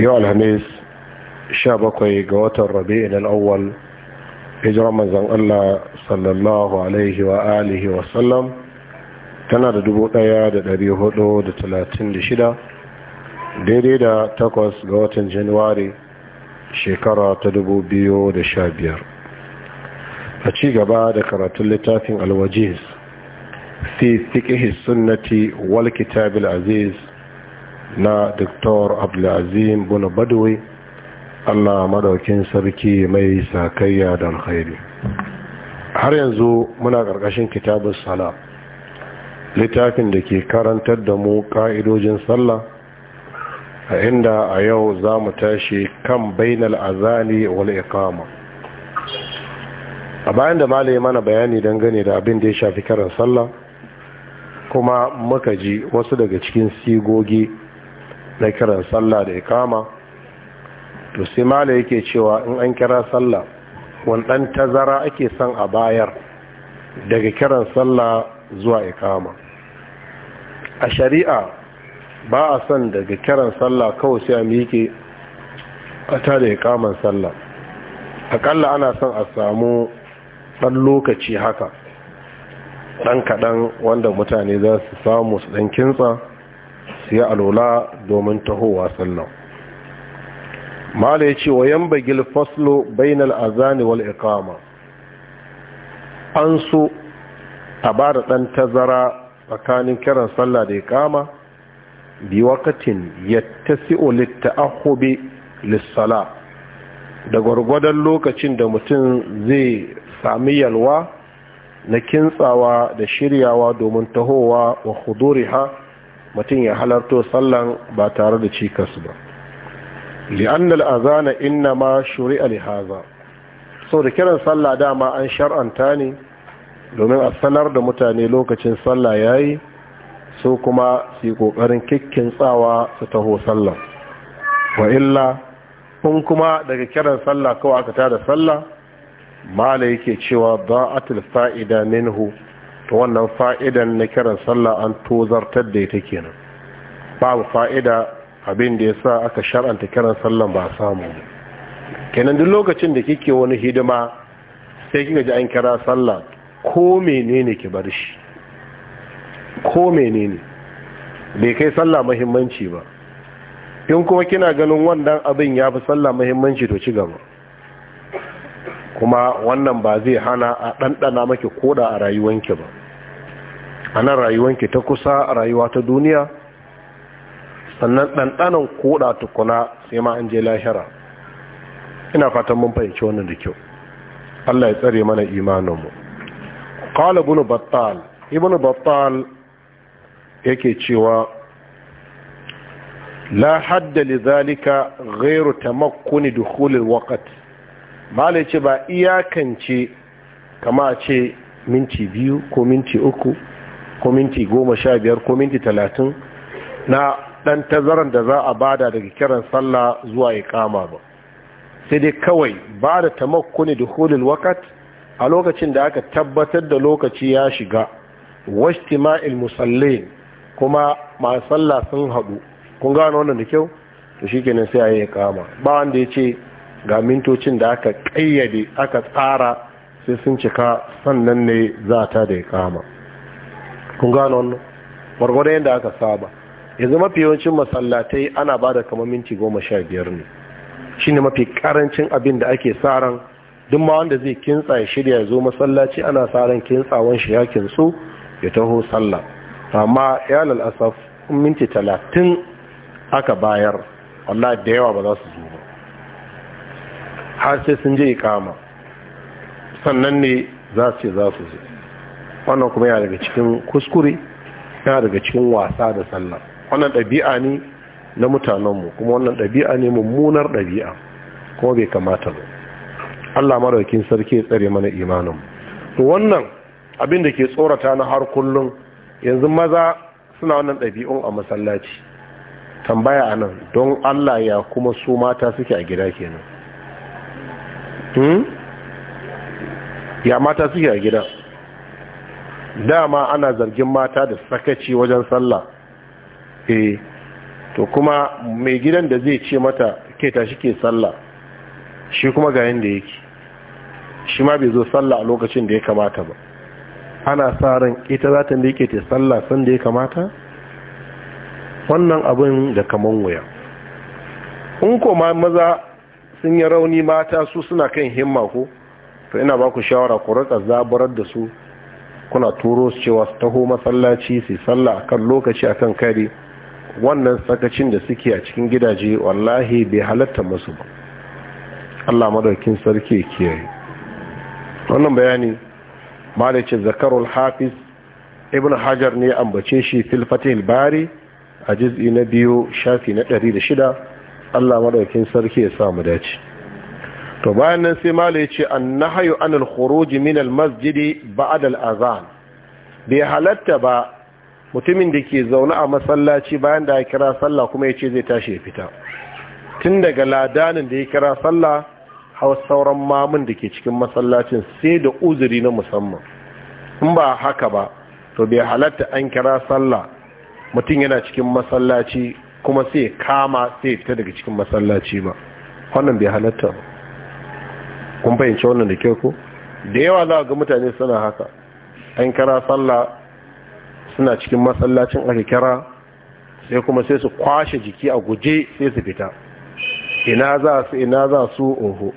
yau alhamis sha bakwai ga watan rabi'in al'awwal hijirar manzan Allah sallallahu alaihi wa alihi wa sallam tana da dubu ɗaya da dari hudu da talatin da shida daidai da takwas ga watan januwari shekara ta dubu biyu da sha biyar a ci gaba da karatun littafin alwajiz fi fiƙe sunnati wal kitabil aziz na Dr. Abdulazim Buna Badawi Allah madaukin sarki mai sakayya da alkhairi har yanzu muna ƙarƙashin kitabun sala littafin da ke karantar da mu ka'idojin sallah a inda a yau za mu tashi kan bainal azali wal ikama a bayan da malaye mana bayani dangane da abin da ya shafi karin sallah kuma muka ji wasu daga cikin sigogi na kiran sallah da ikama to sai mala yake cewa in an kira sallah wani ɗan tazara ake son a bayar daga kiran sallah zuwa ikama a shari'a ba a son daga kiran sallah kawai sai a miƙe a tare ikaman sallah akalla ana son a samu ɗan lokaci haka ɗan kaɗan wanda mutane za su samu su ɗan kintsa su yi alola domin tahowa sallan mala ya ce wa yan bagil faslo bainal azani wal ikama an so a ba da ɗan tazara tsakanin kiran sallah da ikama bi wakatin ya olita ahobe lissala da gwargwadon lokacin da mutum zai sami yalwa na kintsawa da shiryawa domin tahowa wa ha. mutum ya halarto sallan ba tare da cikas ba li'anna al'azana inna ma shuri'a li haza sau da kiran sallah dama an shar'anta ne domin a sanar da mutane lokacin sallah yayi su kuma su kokarin kikkin tsawa su taho sallah wa illa kun kuma daga kiran sallah kawai aka tada sallah mala yake cewa da'atul fa'ida minhu to wannan fa'idan na kiran sallah an tozartar da ita kenan babu fa'ida abin da ya sa aka shar'anta kiran sallah ba samu kenan duk lokacin da kike wani hidima sai kika ji an kira sallah ko menene ki bar shi ko menene bai kai sallah mahimmanci ba in kuma kina ganin wannan abin ya fi sallah muhimmanci to ci gaba kuma wannan ba zai hana a ɗanɗana maki koda a rayuwanki ba a nan rayuwanki ta kusa a rayuwa ta duniya sannan ɗanɗanon koda tukuna sai ma an je lahira ina fatan mun fahimci wannan da kyau Allah ya tsare mana imaninmu qala ibn battal ibn battal yake cewa la hadda li zalika ghairu tamakkuni dukhul ba malai ce ba iyakance kama ce minti biyu ko minti uku Kominti goma sha biyar ko minti talatin na ɗan tazaran da za a bada daga kiran sallah zuwa ya kama ba sai dai kawai ba da tamakkuni da hulul wakat a lokacin da aka tabbatar da lokaci ya shiga ma'il musallin kuma ma sallah sun haɗu kun gano wannan da kyau to kenan sai a yi kama ba wanda ya ce ga mintocin da aka ƙayyade aka tsara sai sun cika sannan ne za ta da ya kama. kun gano wannan gwargwado yadda aka saba yanzu mafi yawancin masallatai ana ba da kamar minti goma sha biyar ne shine mafi karancin abin da ake sa ran duk ma wanda zai kintsa ya shirya ya zo masallaci ana sa ran kintsawan shi ya ya taho sallah amma ya lalasaf minti talatin aka bayar wallah da yawa ba za su zo ba har sai sun je ikama sannan ne za su ce za su zo wannan kuma yana daga cikin kuskure yana daga cikin wasa da sallah wannan ɗabi'a ne na mutanenmu kuma wannan ɗabi'a ne mummunar ɗabi'a kuma bai kamata ba Allah maraukin sarki ya tsare mana imaninmu to wannan abin da ke tsorata na har kullum yanzu maza suna wannan ɗabi'un a masallaci tambaya a nan don Allah ya kuma su mata suke a gida kenan hmm? ya mata suke a gida dama ana zargin mata da sakaci wajen sallah eh to kuma mai gidan da zai ce mata ke tashi ke sallah shi kuma ga yanda yake shi ma bai zo sallah a lokacin da ya kamata ba ana sa ran ita za ta miƙe ta sallah san da ya kamata wannan abin da kaman wuya in ko maza sun yi rauni mata su suna kan himma ko to ina ba ku shawara ku rika zaburar da su kuna turo su cewa su taho masallaci su sallah kan lokaci a kan kare wannan sakacin da suke a cikin gidaje wallahi bai halatta masu ba Allah madaukin sarki kiyaye wannan bayani malice zakarul hafiz ibn hajar ne ambace shi fil bari a juz'i na biyu shafi na 106 Allah madaukin sarki ya samu dace to bayan nan sai malai ce an nahayu anil khuruji min al masjidi ba'adal azan bai halatta ba mutumin da ke zaune a masallaci bayan da ya kira sallah kuma ya ce zai tashi ya fita tun daga ladanin da ya kira sallah hau sauran mamun da ke cikin masallacin sai da uzuri na musamman in ba haka ba to bai halatta an kira sallah mutum yana cikin masallaci kuma sai kama sai fita daga cikin masallaci ba wannan bai halatta ba kun fahimci wannan da kyau ko da yawa za ga mutane suna haka an kira sallah suna cikin masallacin aka kira sai kuma sai su kwashe jiki a guje sai su fita ina za su ina za su oho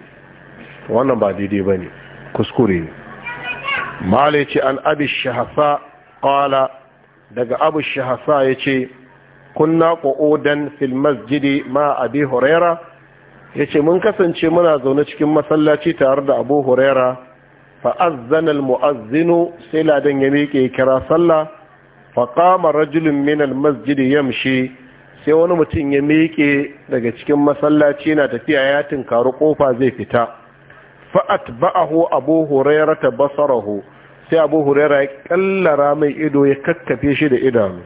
wannan ba daidai ba ne kuskure ne malice an abi shahasa kala daga abu shahasa ya ce kunna ƙo'odan fil masjidi ma abi horera? ya ce mun kasance muna zaune cikin masallaci tare da abu huraira fa'azzanar mu'azzinu sai ladan ya miƙe kira sallah faƙama rajulun minal masjidi yamshi sai wani mutum ya miƙe daga cikin masallaci na tafiya ya tinkaru ƙofa zai fita fa'at ba'ahu abu huraira ta basarahu sai abu huraira ya ƙallara mai ido ya kakkafe shi da idanu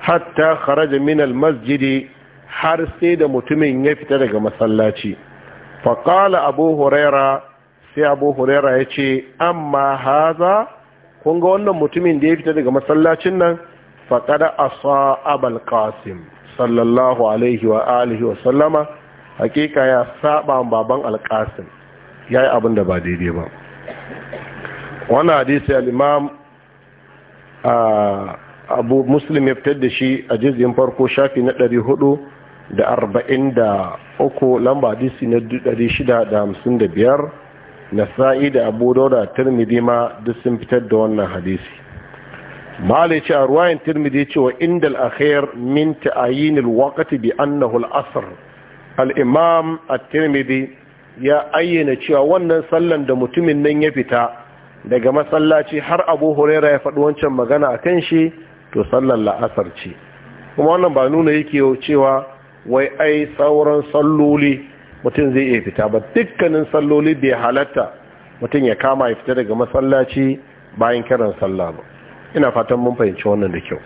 hatta kharaja minal masjidi har sai da mutumin ya fita daga masallaci faƙala abu huraira sai abu huraira ya ce amma haza kun ga wannan mutumin da ya fita daga masallacin nan faƙada asa abal qasim sallallahu alaihi wa alihi wa sallama hakika ya saba baban alƙasim ya yi abin da ba daidai ba wani hadisi al'imam ah, abu muslim ya fitar da shi a jizgin farko shafi na ɗari hudu da arba'in da uku lamba disi na dari shida da hamsin da biyar nasa'i da abu dauda turmidi ma duk sun fitar da wannan hadisi Mali ce a ruwayan turmidi cewa inda al'akhir min ta'ayin alwaqti bi annahu al'asr al-imam a tirmidhi ya ayyana cewa wannan sallan da mutumin nan ya fita daga masallaci har abu huraira ya faɗi wancan magana a kan shi to sallan la'asar ce kuma wannan ba nuna yake cewa wai ai sauran salloli mutum zai iya fita ba dukkanin salloli bai halatta mutum ya kama ya fita daga masallaci bayan kiran sallah ba ina fatan mun fahimci wannan da kyau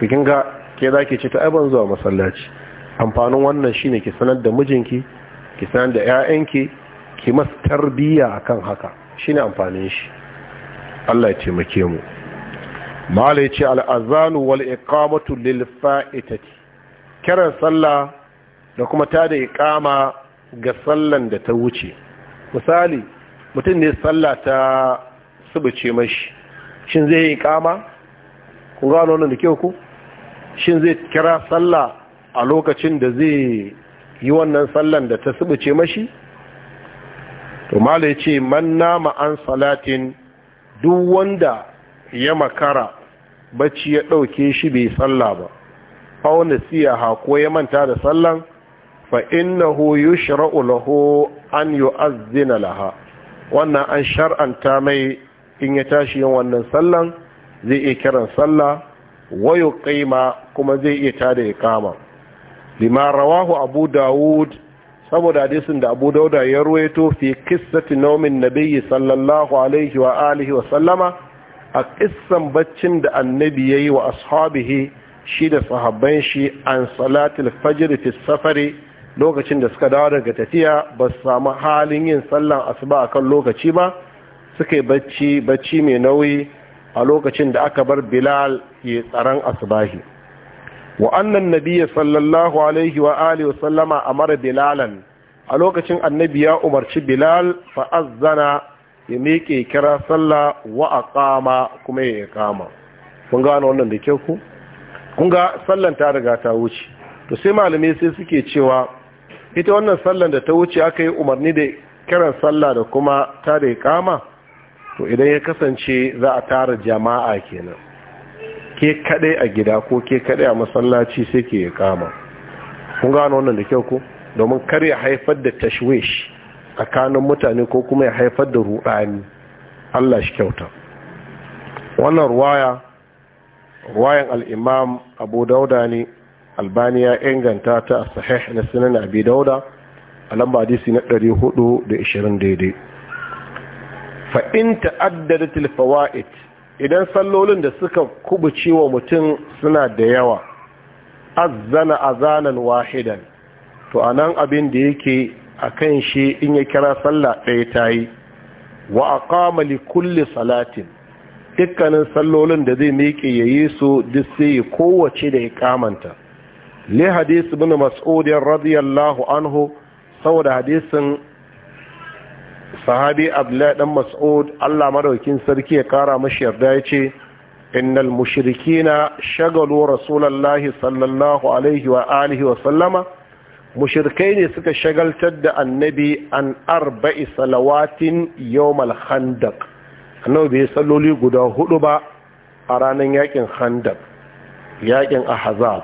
bikin ga ke ki ce ta ai zuwa masallaci amfanin wannan shi ne ki sanar da mijinki ki sanar da 'ya'yanki ki masu tarbiyya kan haka shi ne amfanin shi Allah ya taimake mu malai ce al wal lil fa'itati kiran sallah da kuma ta da iqama ga sallan da ta wuce misali mutum ne sallah ta subuce mashi shin zai yi iqama kun gano wannan da kyau ku shin zai kira sallah a lokacin da zai yi wannan sallan da ta subuce mashi to mala ya ce man nama an salatin duk wanda ya makara bacci ya ɗauke shi bai sallah ba aw nasiha ko ya manta da sallan fa innahu yushra'u lahu an yu'azzina laha wannan an shar'anta mai in ya tashi yin wannan sallan zai iya kiran sallah wa yuqima kuma zai iya tada iqama lima rawahu abu daud saboda hadisin da abu dauda ya ruwaito fi kissati naumin nabiyyi sallallahu alaihi wa alihi wa sallama a kissan baccin da annabi yayi wa ashabihi shi da sahabban shi an salatul fajr fi safari lokacin da suka dawo daga tafiya ba su samu halin yin sallan asuba a kan lokaci ba suka yi bacci bacci mai nauyi a lokacin da aka bar bilal ya tsaron asubahi wa annan nabiya sallallahu alaihi wa alihi sallama amara bilalan a lokacin annabi ya umarci bilal fa'azzana ya miƙe kira sallah wa aqama kuma ya kama? kun gano wannan da kyau ku kun ga sallan ta riga ta wuce to sai malamai sai suke cewa ita wannan sallan da ta wuce aka yi umarni da kiran sallah da kuma ta da kama to idan ya kasance za a tara jama'a kenan ke kadai a gida ko ke kadai a masallaci sai ke kama kun gano wannan da kyau ko domin kar ya haifar da tashwish tsakanin mutane ko kuma ya haifar da ruɗani Allah shi kyauta wannan ruwaya ruwayan al'imam abu dauda ne albani ya inganta ta a sahih na sinan abi dauda a lamba disi na 420 daidai fa'in ta'addada tilfawa’it idan sallolin da suka kubuce wa mutum suna da yawa azzana azanan wahidan to a nan abin da yake a kan shi in ya kira sallah ɗaya ta yi wa a kamali kulle salatin dukkanin sallolin da zai miƙe ya yi su duk sai kowace da ya kamanta le hadisi bin mas'udin radiyallahu anhu saboda hadisin sahabi abdullahi dan mas'ud Allah madaukin sarki ya kara mashi yarda ya ce innal mushrikina shagalu rasulullahi sallallahu alaihi wa alihi wa sallama mushrikai ne suka shagaltar da annabi an arba'i salawatin yawmal khandaq annabi bai salloli guda hudu ba a ranar yakin handak yakin ahzab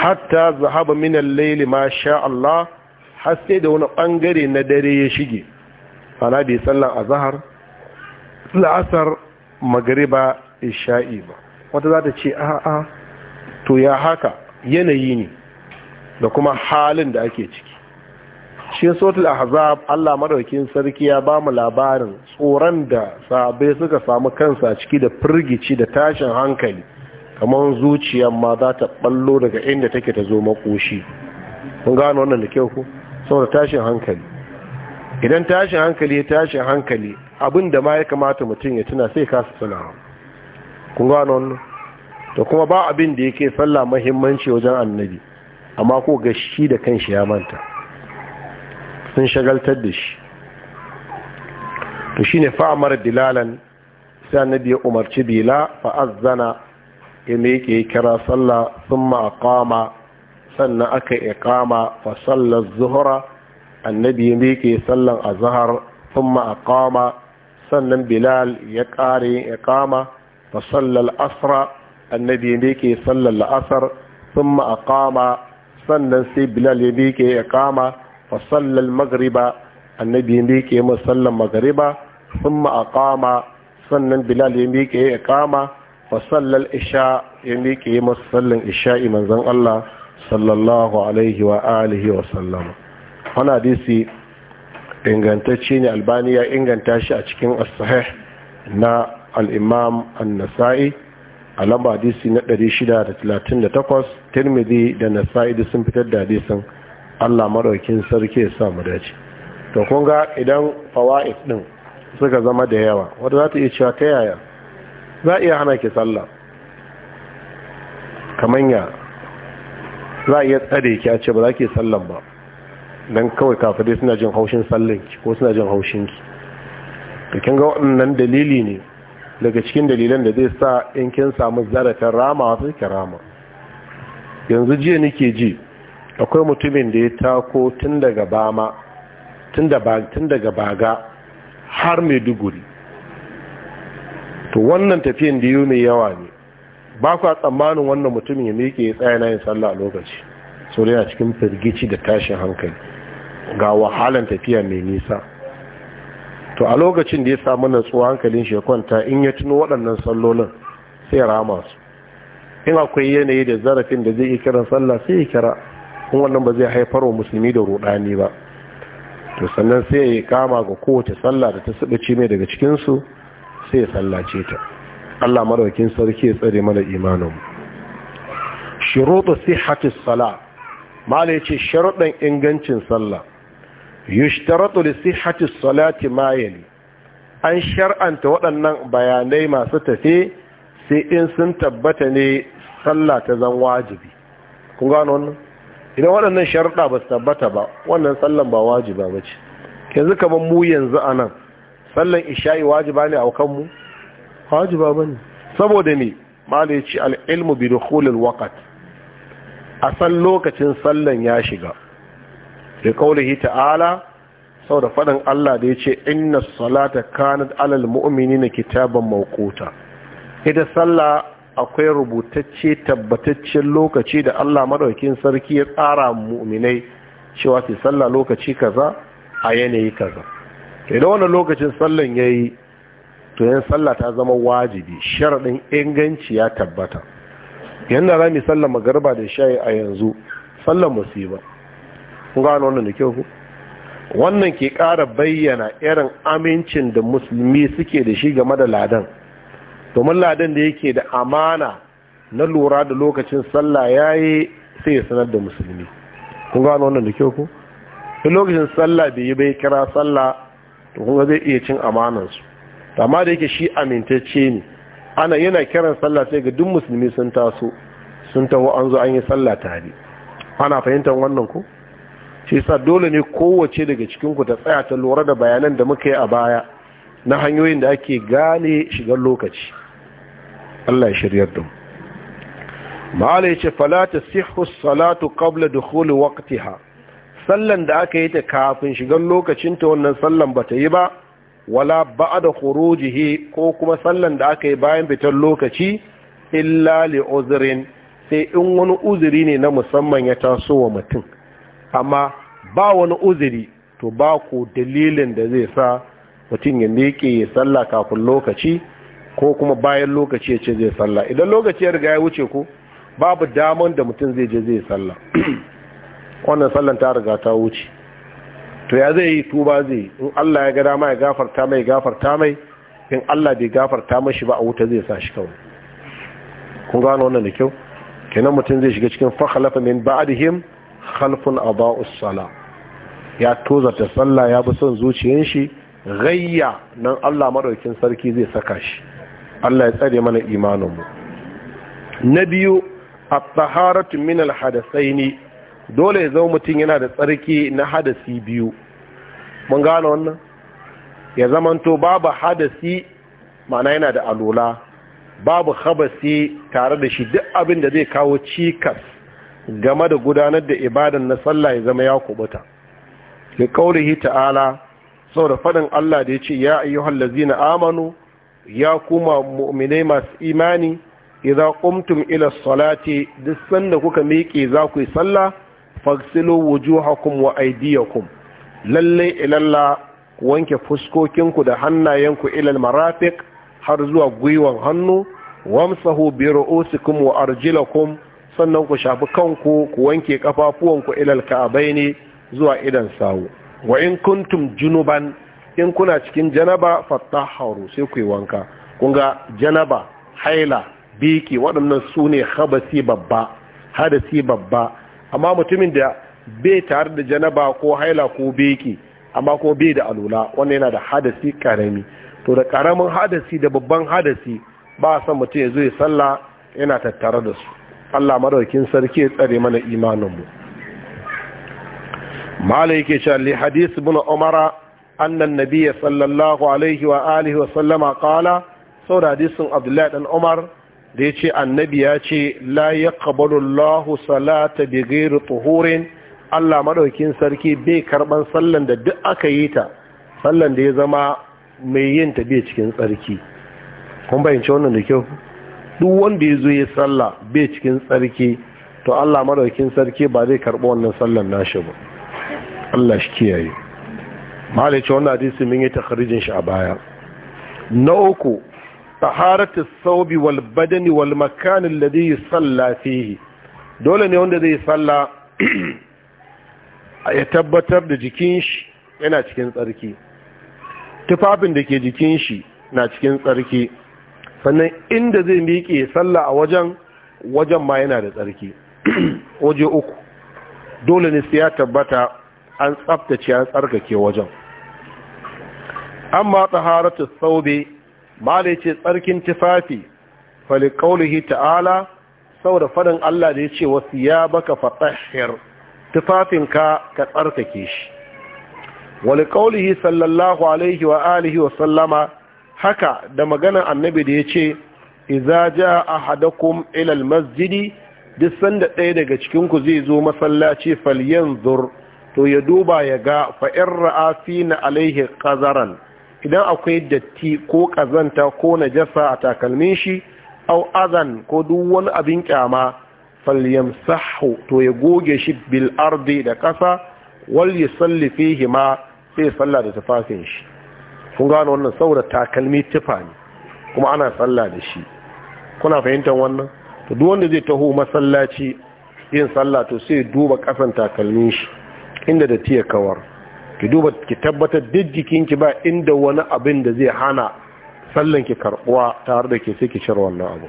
hatta zahaba min al-layl ma sha Allah har sai da wani bangare na dare ya shige ana bai sallan azhar la'asar magriba isha'i ba wata za ta ce a'a to ya haka yanayi ne da kuma halin da ake ciki shi sotul ahzab Allah madaukin sarki ya bamu labarin tsoron da sabai suka samu kansa ciki da firgici da tashin hankali kamar zuciyar ma za ta ballo daga inda take ta zo makoshi kun gano wannan da kyau ku saboda tashin hankali idan tashin hankali ya tashin hankali abin da ma ya kamata mutum ya tuna sai kasa tunawa kun gano wannan to kuma ba abin da yake sallah muhimmanci wajen annabi amma ko gashi da kanshi ya manta sun shagaltar da shi to shine fa'amar dilalan sai annabi ya umarci bila fa'azzana ya miƙe kira sallah thumma aqama sannan aka iqama fa sallar zuhra annabi ya miƙe sallan azhar thumma aqama sannan bilal ya ƙare iqama fa sallar asra annabi ya miƙe sallar asr thumma aqama sannan sai bilal ya miƙe iqama fa magariba annabi ya miƙe ya sallan magriba thumma aqama sannan bilal ya miƙe ya iqama fa sallal isha ya miƙe ya sallan isha'i manzon Allah sallallahu alaihi wa alihi wa sallama wannan hadisi ne albani ya inganta shi a cikin as na al-imam an-nasa'i a lamba hadisi na 638 tirmidhi da nasa'i sun fitar da hadisin Allah maraukin sarki ya sa mu dace to kun ga idan fawaid din suka zama da yawa wanda za ta iya cewa ta yaya za iya hana ki sallah ya za iya tsare ki a ce ba za ki sallan ba dan kawai dai suna jin haushin sallanki ko suna jin haushinki to kin ga wannan dalili ne daga cikin dalilan da zai sa in kin samu zarafin rama wasu rama yanzu jiya nake ji akwai mutumin da ya tako tun daga bama tun daga baga har maiduguri to wannan tafiyan da yi mai yawa ne ba kwa tsammanin wannan mutumin ya miƙe ya tsaye na yin sallah a lokaci sau da yana cikin firgici da tashin hankali ga wahalan tafiya mai nisa to a lokacin da ya samu natsuwa hankalin shi ya kwanta in ya tuno waɗannan sallolin sai ya rama su in akwai yanayi da zarafin da zai yi kiran sallah sai ya kira in wannan ba zai haifar wa musulmi da rudani ba to sannan sai ya kama ga kowace sallah da ta sibice mai daga cikin su sai ya sallace ta Allah madaukakin sarki ya tsare mana imanin shurutu sihhati salah mala yace sharuɗan ingancin sallah yushtaratu li sihhati salati ma yali an shar'anta waɗannan bayanai masu tafe sai in sun tabbata ne sallah ta zan wajibi kun gano wannan idan waɗannan sharɗa ba su tabbata ba wannan sallan ba wajiba ba ce yanzu kamar mu yanzu a nan sallan isha'i wajiba ne a kanmu wajiba ba ne saboda ne mala ya ce al'ilmu bi dukhulil waƙat a san lokacin sallan ya shiga da kaulihi ta'ala sau da faɗin Allah da ya ce inna salata kanat alal na kitaban mawquta ita sallah akwai rubutacce tabbataccen lokaci da Allah madaukin sarki ya tsara mu'minai cewa su sallah lokaci kaza a yanayi kaza idan wannan lokacin sallan yayi to yan sallah ta zama wajibi sharadin inganci ya tabbata yanda rami sallar magarba da shayi a yanzu sallar musiba kun gano wannan da kyau wannan ke ƙara bayyana irin amincin da musulmi suke da shi game da ladan domin ladan da yake da amana na lura da lokacin sallah ya yi sai ya sanar da musulmi kun gano wannan da kyau ku da lokacin sallah bai yi bai kira sallah to kuma zai iya cin amanansu amma da yake shi amintacce ne ana yana kiran sallah sai ga duk musulmi sun taso sun taho an zo an yi sallah tare ana fahimtar wannan ku shi sa dole ne kowace daga cikin ku ta tsaya ta lura da bayanan da muka yi a baya na hanyoyin da ake gane shigar lokaci Allah ya shiryar da ma'ala ya ce falata sihus salatu qabla dukhuli ha, sallan da aka yi ta kafin shigan lokacinta wannan sallan bata yi ba wala da khurujihi ko kuma sallan da aka yi bayan fitar lokaci illa li sai in wani uziri ne na musamman ya taso wa mutum amma ba wani uziri, to ba ku dalilin da zai sa mutum ya miƙe ya salla kafin lokaci ko kuma bayan lokaci ya ce zai sallah idan lokaci ya riga ya wuce ko babu daman da mutum zai je zai sallah wannan sallan ta riga ta wuce to ya zai yi tuba zai in Allah ya ga dama ya gafarta mai gafarta mai in Allah bai gafarta mashi ba a wuta zai sa shi kawai kun gano wannan da kyau kenan mutum zai shiga cikin fakhalafa min ba'dihim khalfun aba'us sala ya tozarta sallah ya bi son zuciyar shi gayya nan Allah madaukin sarki zai saka shi Allah ya tsare mana imaninmu na biyu a taharatu min al ne, dole ya zama mutum yana da tsarki na hadasi biyu mun gano wannan ya zamanto babu hadasi ma'ana yana da alola babu habasi tare da shi duk abin da zai kawo cikas game da gudanar da ibadan na sallah ya zama ya kubuta ya ta'ala sau da faɗin Allah da ya ce ya ayyuhallazi na amanu ya kuma mu'minai masu imani idan kumtum ila salati duk sanda kuka miƙe za ku yi sallah fagsilu wujuhakum wa aydiyakum lalle ilalla wanke fuskokinku da hannayenku ilal marafiq har zuwa gwiwan hannu wamsahu bi ru'usikum wa arjilakum sannan ku shafi kanku ku wanke kafafuwanku ilal ka'abaini zuwa idan sawu wa in kuntum junuban in kuna cikin janaba fattaharu sai ku yi wanka kunga janaba haila biki waɗannan su ne habasi babba hadasi babba amma mutumin da bai tare da janaba ko haila ko biki amma ko bai da alula wannan yana da hadasi karami to da karamin hadasi da babban hadasi ba a san mutum ya zo ya salla, yana tattare da su Allah madaukin sarki ya tsare mana imaninmu mala yake cewa li hadisi buna umara annan nabiyya sallallahu alaihi wa alihi wa sallama qala saboda hadisin abdullahi dan umar da yace annabi ya ce la yaqbalu Allahu salata bi ghairi tuhurin Allah madaukin sarki bai karban sallan da duk aka yi ta sallan da ya zama mai yin ta bai cikin tsarki kun bayyance wannan da kyau duk wanda ya zo ya salla bai cikin tsarki to Allah madaukin sarki ba zai karɓi wannan sallan nashi ba Allah shi kiyaye malice wannan hadisi mun yi takharijin shi a baya na uku taharatu sawbi wal badani wal makan alladhi yusalla fihi dole ne wanda zai salla ya tabbatar da jikin shi yana cikin tsarki tufafin da ke jikin shi na cikin tsarki sannan inda zai miƙe salla a wajen wajen ma yana da tsarki waje uku dole ne sai ya tabbata an tsaftace an tsarkake wajen amma taharatu ma da ce tsarkin tufafi fali qaulihi ta'ala saboda fadin Allah da yace wasiyabaka fatahhir tufafinka ka tsarkake shi wali qaulihi sallallahu alaihi wa alihi wa sallama haka da magana annabi da yace idza jaa ahadukum ila almasjidi duk sanda ɗaya daga cikinku zai zo masallaci falyanzur to ya duba ya ga fa'in ra'afi na alaihi qazaran idan akwai datti ko ƙazanta ko najasa a takalmin shi au azan ko duk wani abin kyama falyamsahu to ya goge shi bil ardi da kasa wal yusalli fihi ma sai salla da tufafin shi kun gano wannan saboda takalmi tufa ne kuma ana salla da shi kuna fahimtar wannan to duk wanda zai taho masallaci yin salla to sai duba ƙasan takalmin shi inda datti ya kawar ki duba ki tabbatar duk jikinki ba inda wani abin da zai hana sallan ki karbuwa tare da ke sai ki shar wannan abu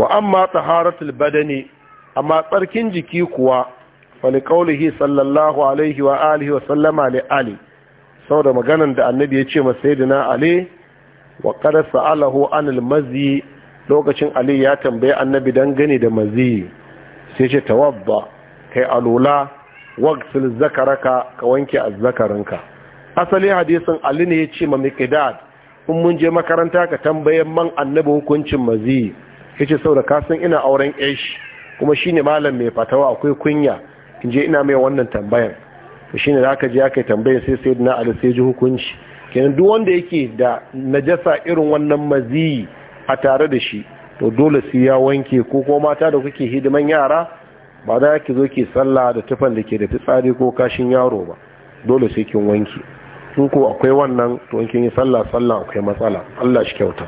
wa amma taharatul badani amma tsarkin jiki kuwa li kaulihi sallallahu alaihi wa alihi wa sallama li ali saboda maganan da annabi ya ce ma sayyidina ali wa qad sa'alahu al mazi lokacin ali ya tambaye annabi dangane da mazi sai ce tawadda kai alula waqsil zakaraka ka wanke azzakarinka asalin hadisin ali ne ya ce ma miqdad in mun je makaranta ka tambayen man annabi hukuncin mazi yace saboda ka san ina auren ish kuma shine malam mai fatawa akwai kunya in je ina mai wannan tambayan to shine da aka je aka tambaye sai sayyidina ali sai ji hukunci kenan duk wanda yake da najasa irin wannan mazi a tare da shi to dole sai ya wanke ko kuma mata da kuke hidiman yara ba za ki zo ke sallah da tufan da ke da fitsari ko kashin yaro ba dole sai kin wanki in ko akwai wannan to in kin yi sallah sallah akwai matsala Allah shi kyauta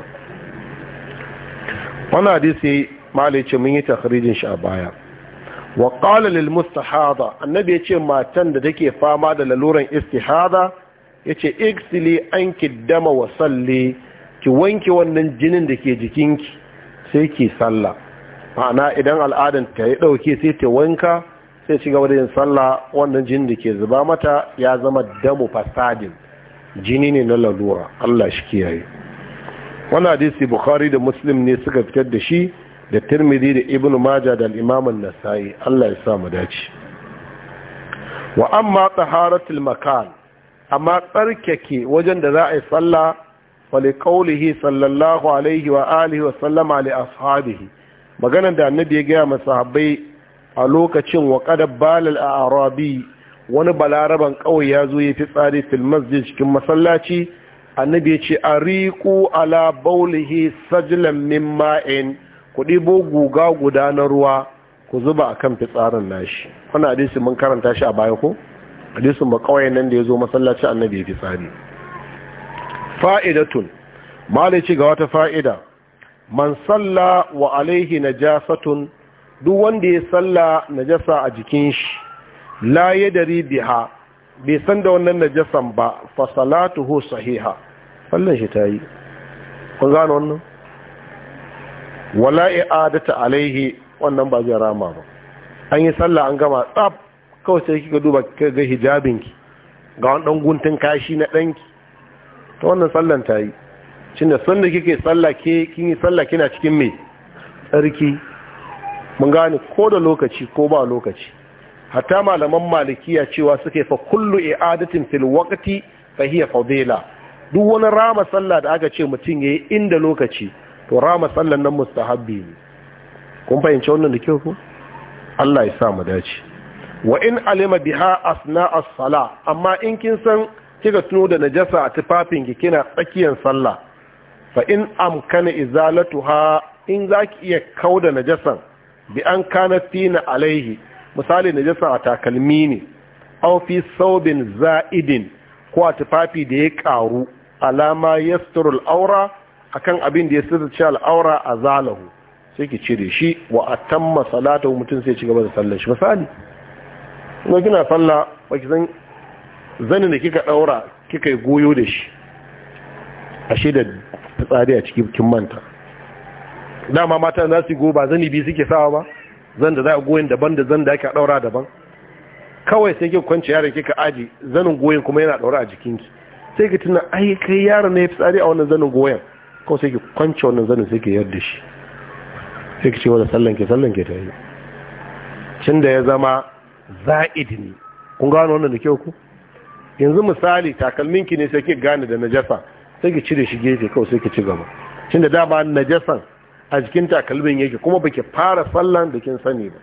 wannan hadisi malai ce mun yi takhrijin shi a baya wa qala lil mustahada annabi yace matan da take fama da laluran istihada yace iksili anki dama wa salli ki wanke wannan jinin da ke jikinki sai ki sallah ma'ana idan al'adan ta yi ɗauke sai ta wanka sai ci gaba da yin sallah wannan jini da ke zuba mata ya zama damu fasadin jini ne na lalura Allah shi kiyaye wannan hadisi bukhari da muslim ne suka fitar da shi da tirmidhi da ibnu maja da al-imam an-nasa'i Allah ya sa mu dace wa amma taharatul makan amma tsarkake wajen da za a yi sallah wa liqaulihi sallallahu alaihi wa alihi wa sallama li ashabihi maganar da annabi ya gaya masahabbai a lokacin wa qad balal arabi wani balaraban kawai ya zo ya fi tsari fil masjid cikin masallaci annabi ya ce ariqu ala baulihi sajlan min ma'in ku ɗibo guga guda na ruwa ku zuba akan kan fitsarin nashi wani hadisi mun karanta shi a baya ko hadisin ba kawai nan da ya zo masallaci annabi ya fi tsari fa'idatun malai ce ga wata fa'ida man salla wa alaihi najasatun duk wanda ya salla najasa a jikin shi la dari biha bai san da wannan najasan ba fa salatuhu sahiha sallan shi tayi kun gano wannan wala i'adatu alaihi wannan ba zai rama ba an yi sallah an gama tsaf kawai sai kika duba ga hijabinki ga wani guntun kashi na danki ta wannan sallan tayi cin da sanda kike tsallake kin yi tsallake na cikin mai tsarki mun gane ko da lokaci ko ba lokaci hatta malaman malikiya cewa suke fa kullu i'adatin fil waqti fa hiya fadila duk wani rama sallah da aka ce mutum yayi inda lokaci to rama sallan nan mustahabbi ne kun fahimci wannan da kyau ko Allah ya sa mu dace wa in alima biha asna as-sala amma in kin san kika tuno da najasa a tufafin ki kina tsakiyar sallah fa in amkana izalatuha in zaki iya kauda najasan bi an kana tina alaihi misali najasa a takalmi ne aw fi saubin za'idin ko a tufafi da ya ƙaru, alama yasturul aura akan abin da ya ci al'aura a zalahu sai ki cire shi wa atamma salatahu mutum sai ci gaba da sallar shi misali ko kina sallah baki san zanin da kika ɗaura kika yi goyo da shi ashe da Tsari a cikin manta dama mata za su ba zani biyu suke sawa ba zan da za a goyin daban da zan da ake daura daban kawai sai ki kwanci yaron kika aji zanin goyin kuma yana daura a jikinki sai ki tuna ai kai yaron ne ya tsari a wannan zanin goyen kawai sai ki kwanci wannan zanin sai ki yarda shi sai ki ce wani sallan ke sallan ke ta yi cin da ya zama za'id ne kun gano wannan da kyau ku yanzu misali takalminki ne sai ki gane da najasa sai ki cire shi gefe kawai sai ki ci gaba shin da dama najasan a jikin takalmin yake kuma baki fara sallan da kin sani ba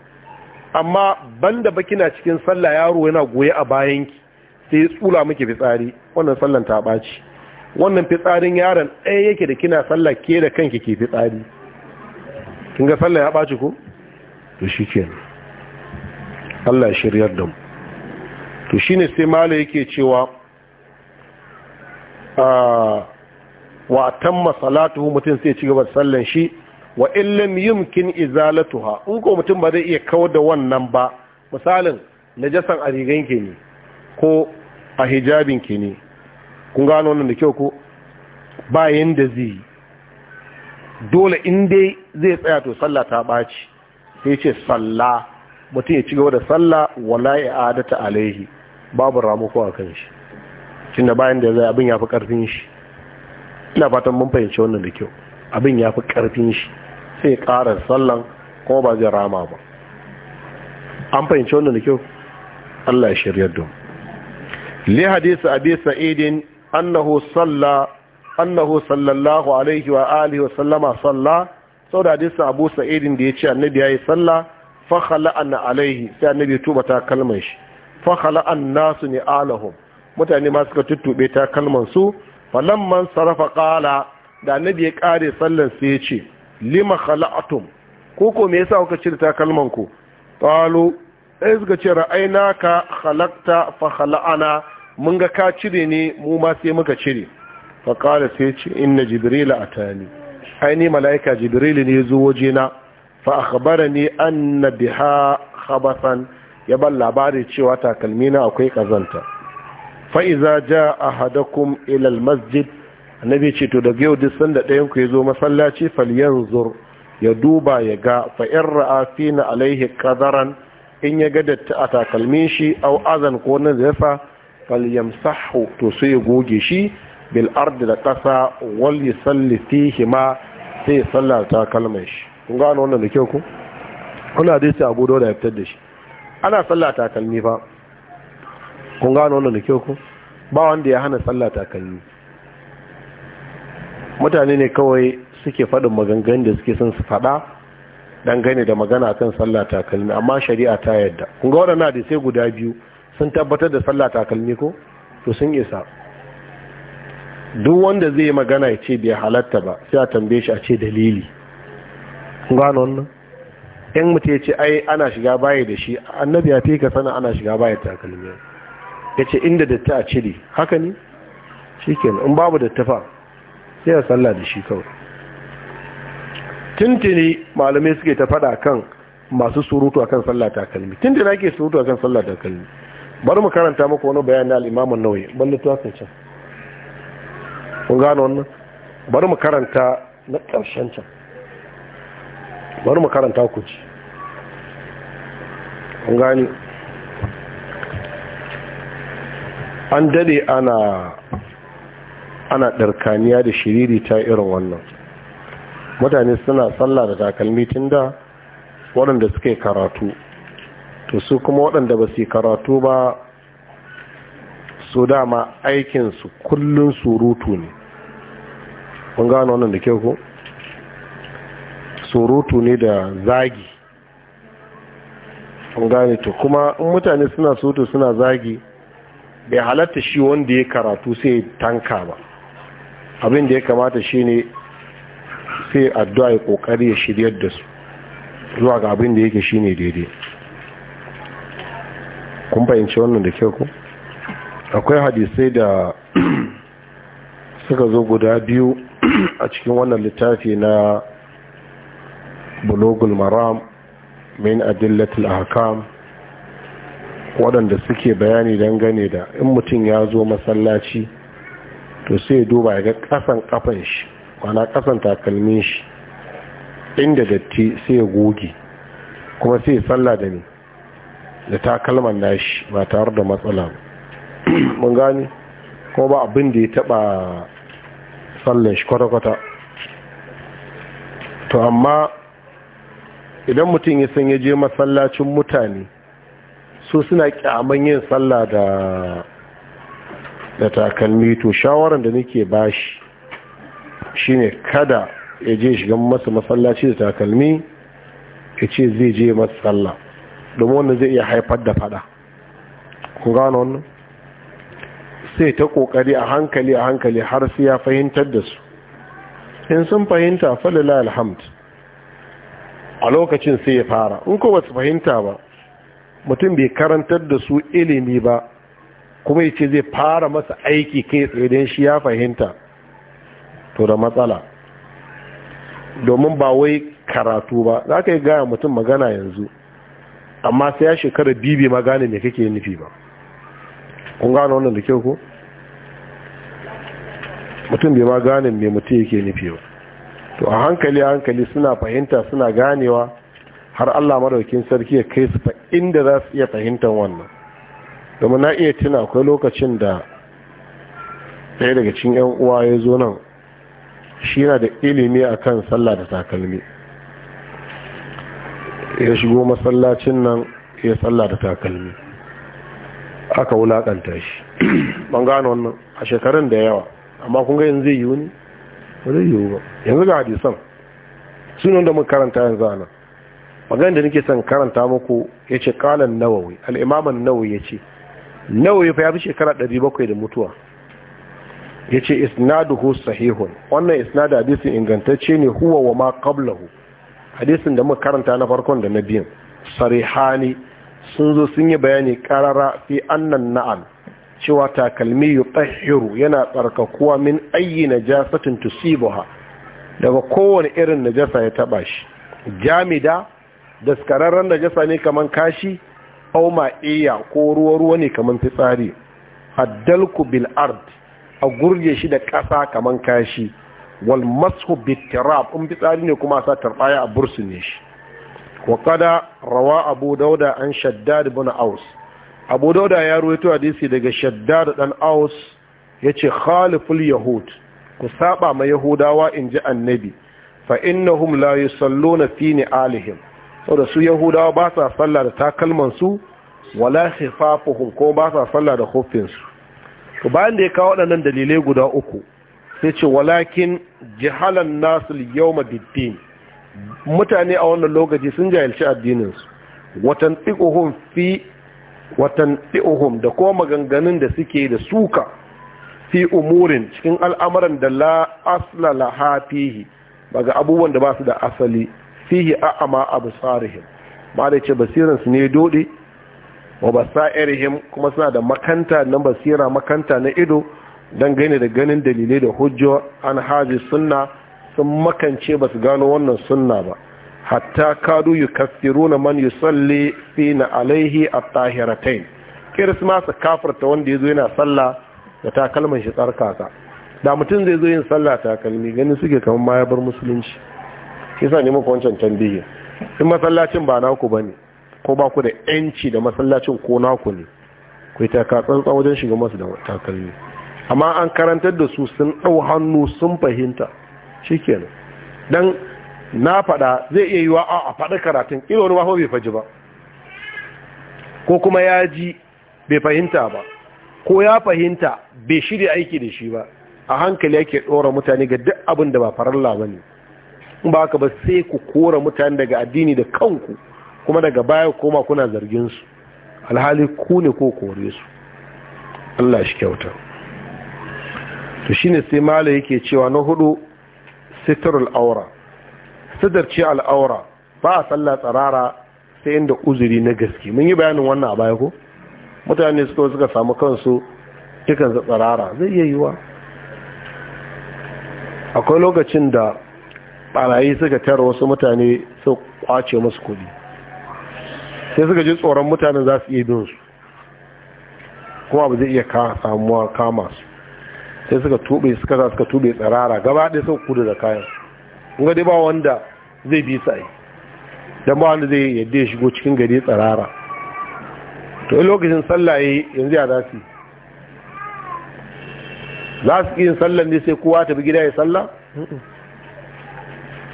amma banda baki na cikin sallah yaro yana goye a bayan ki sai tsula miki fitsari wannan sallan ta baci wannan fitsarin yaron ɗaya yake da kina sallah ke da kanki ke fitsari kin ga sallah ya baci ko to shikenan Allah ya shiryar da mu to shine sai mala yake cewa wa tamma salatu mutum sai ci gaba da sallan shi wa illam yumkin izalatuha in ko mutum ba zai iya kawar da wannan ba misalin najasan a rigan ke ne ko a hijabin ke ne kun gano wannan da kyau ko ba yanda zai dole in dai zai tsaya to sallah ta baci sai ce sallah mutum ya ci gaba da sallah wala ya adata alaihi babu ramuko a kan shi shi da bayan da zai abin ya fi ƙarfin shi ina fatan mun fahimci wannan da kyau abin ya fi ƙarfin shi sai ƙara sallan kuma ba zai rama ba an fahimci wannan da kyau Allah ya shiryar da li hadisi abi sa'idin annahu salla annahu sallallahu alaihi wa alihi wa sallama salla sau da hadisi abu sa'idin da ya ce annabi ya yi salla fa na alaihi sai annabi tuba ta kalmar shi fa khala'an nasu ni alahum mutane ma suka tuttube ta kalman su falamman sarafa qala da annabi ya kare sallan sai ya ce lima khala'tum ko ko me yasa kuka cire ta kalman ku qalu sai suka ce ka khalaqta fa khala'ana mun ga ka cire ne mu ma sai muka cire fa qala sai ya ce inna jibril atani ai ni malaika jibril ne ya zo waje na fa akhbarani anna biha khabasan ya ban labari cewa takalmina akwai kazanta fa'iza ja a hadakun ilal masjid annabi ce to daga yau duk sanda ɗayan ku ya zo masallaci falyan zur ya duba ya ga fa'in ra'afi na alaihi kazaran in ya ga datti a takalmin shi au azan ko na zafa falyan sahu to sai ya goge shi bil ardi da ƙasa wal yi sallifi hima sai ya salla takalmin shi kun gano wannan da kyau ku kuna dai sai abu da ya fitar da shi ana salla takalmi fa kun gano wannan da kyau ku ba wanda ya hana sallah takalmi mutane ne kawai suke faɗin maganganun da suke son su faɗa dangane da magana kan sallah takalmi amma shari'a ta yadda kun ga waɗannan da sai guda biyu sun tabbatar da sallah takalmi ko to sun isa duk wanda zai yi magana ya ce bai halatta ba sai a tambaye shi a ce dalili kun ga wannan in mutum ya ce ai ana shiga baya da shi annabi ya fi ka sana ana shiga baya takalmi ya ce inda datta a cire haka ne shi in babu datta fa sai a tsalla da shi kawai tuntuni malamai suke ta fada kan masu surutu akan ta takalmi tuntuni ake surutu akan ta takalmi bari mu karanta maka wani bayanin al'imaman nauyi balle sun can kun gano wannan bari mu karanta na ƙarshen can bari mu karanta ku ci kun gani an dade ana ana ɗarkaniya da shiriri ta irin wannan mutane suna sallah da takalmi tun da waɗanda suka yi karatu to su kuma waɗanda ba su yi karatu ba su dama aikinsu kullum surutu ne kun gano wannan da kyau ko surutu ne da zagi kun gane to kuma in mutane suna surutu suna zagi bai halatta shi wanda ya karatu sai tanka ba abin da ya kamata shine sai addu'a ya kokari ya shirya da su zuwa ga abin da yake shine daidai kun fahimci wannan da kyau ko akwai hadisai da suka zo guda biyu a cikin wannan littafi na bulogul maram min adillatul ahkam waɗanda suke bayani dangane da in mutum ya zo masallaci to sai duba ga ƙasan ƙafan shi kwana ƙasan takalmin shi inda datti sai ya goge kuma sai ya tsalla da ni da takalman nashi ba tare da matsala mun gani kuma ba abin da ya taɓa tsallan shi kwata-kwata to amma idan mutum ya san ya je masallacin mutane su suna kyaman yin sallah da takalmi to shawaran da nake bashi shine kada ya je shiga masa masallaci da takalmi ya ce zai je masa sallah domin wanda zai iya haifar da fada ku gano wannan sai ta kokari a hankali a hankali har sai ya fahimtar da su in sun fahimta falila alhamd a lokacin sai ya fara in ko ba fahimta ba mutum bai karantar da su ilimi ba kuma ya ce zai fara masa aiki kai tsaye don shi ya fahimta to da matsala domin ba wai karatu ba za ka yi gaya mutum magana yanzu amma sai ya shekara bibi magana ne kake nufi ba kun gano wannan da kyau ko mutum bai ma gane mai mutum yake nufi ba to a hankali hankali suna fahimta suna ganewa har Allah madaukin sarki ya kai su fa inda za su iya fahimtar wannan domin na iya tuna akwai lokacin da ɗaya daga cikin yan uwa ya zo nan shi na da ilimi akan sallah da takalmi ya shigo masallacin nan ya sallah da takalmi aka wulaƙanta shi ban gano wannan a shekarun da yawa amma kun ga yanzu zai yiwu ne ba zai yiwu ba yanzu ga hadisan sunan da muka karanta yanzu a nan magana da nake son karanta muku ya ce kalan nawawi al'imaman nawawi ya ce nawawi fa ya fi shekara 700 da mutuwa ya ce hu sahihun wannan isnadu hadisin ingantacce ne huwa wa ma qablahu hadisin da muka karanta na farkon da na biyan sarihani sun zo sun yi bayani karara fi annan na'am cewa takalmi yutahhiru yana tsarkakuwa min ayyi najasatin tusibuha daga kowane irin najasa ya taba shi jamida daskararren jasa ne kaman kashi ma iya ko ruwa ruwa ne kamar fitsari addalku bil ard a gurje shi da ƙasa kamar kashi wal masu bitirab in fitsari ne kuma sa tarbaya a ne shi wa kada rawa abu dauda an shaddad bana aus abu dauda ya ruwaito hadisi daga shaddad dan aus Ya yace khaliful yahud ku saba ma yahudawa in ji annabi fa innahum la yusalluna fi ni alihim saboda su yahudawa ba sa sallah da takalmansu wala khifafuhum ko ba sa sallah da hufinsu. to bayan da ya kawo waɗannan dalilai guda uku sai ce walakin jihalan nasu yawma biddin mutane a wannan lokaci sun jahilci addininsu watan tsiquhum da kuma maganganun da suke da suka fi umurin cikin al'amuran da la asla ba ga abubuwan da ba su da asali fihi a'ama absarihim ma da ce basiran su ne dode wa basairihim kuma suna da makanta na basira makanta na ido dan gane da ganin dalilai da hujjo an haji sunna sun makance ba su gano wannan sunna ba hatta kadu na man yusalli fina alaihi at-tahiratayn kirisma su kafirta wanda yazo yana sallah da takalmin shi tsarkaka da mutum zai zo yin sallah takalmi ganin suke kamar ma ya bar musulunci shi sa ne muku wancan tambihi in masallacin ba naku ba ne ko ba ku da yanci da masallacin ko naku ne ku yi taka tsantsan wajen shiga masu da takalmi amma an karantar da su sun ɗau hannu sun fahimta shi kenan don na faɗa zai iya yiwa a faɗi karatun ilo wani bai faji ba ko kuma ya ji bai fahimta ba ko ya fahimta bai shirya aiki da shi ba a hankali yake ɗora mutane ga duk abin da ba faralla ba in ba haka ba sai ku kora mutane daga addini da kanku kuma daga baya koma kuna zargin su alhali ku ne ko kore su Allah shi kyauta to shine sai mala yake cewa na hudu sitrul aura sadarci al'aura ba a sallah tsarara sai inda uzuri na gaske mun yi bayanin wannan a baya ko mutane suka suka samu kansu za tsarara zai iya yiwa akwai lokacin da barayi suka tara wasu mutane su kwace musu kudi sai suka ji tsoron mutanen za su iya bin su kuma ba zai iya samuwa kama su sai suka tube suka za suka tube tsirara gaba ɗaya suka kudu da kayan ga dai ba wanda zai bi sai don ba wanda zai yadda ya shigo cikin gari tsirara to yi lokacin sallaye yanzu ya za su za su yin sallah ne sai kowa ta bi gida ya sallah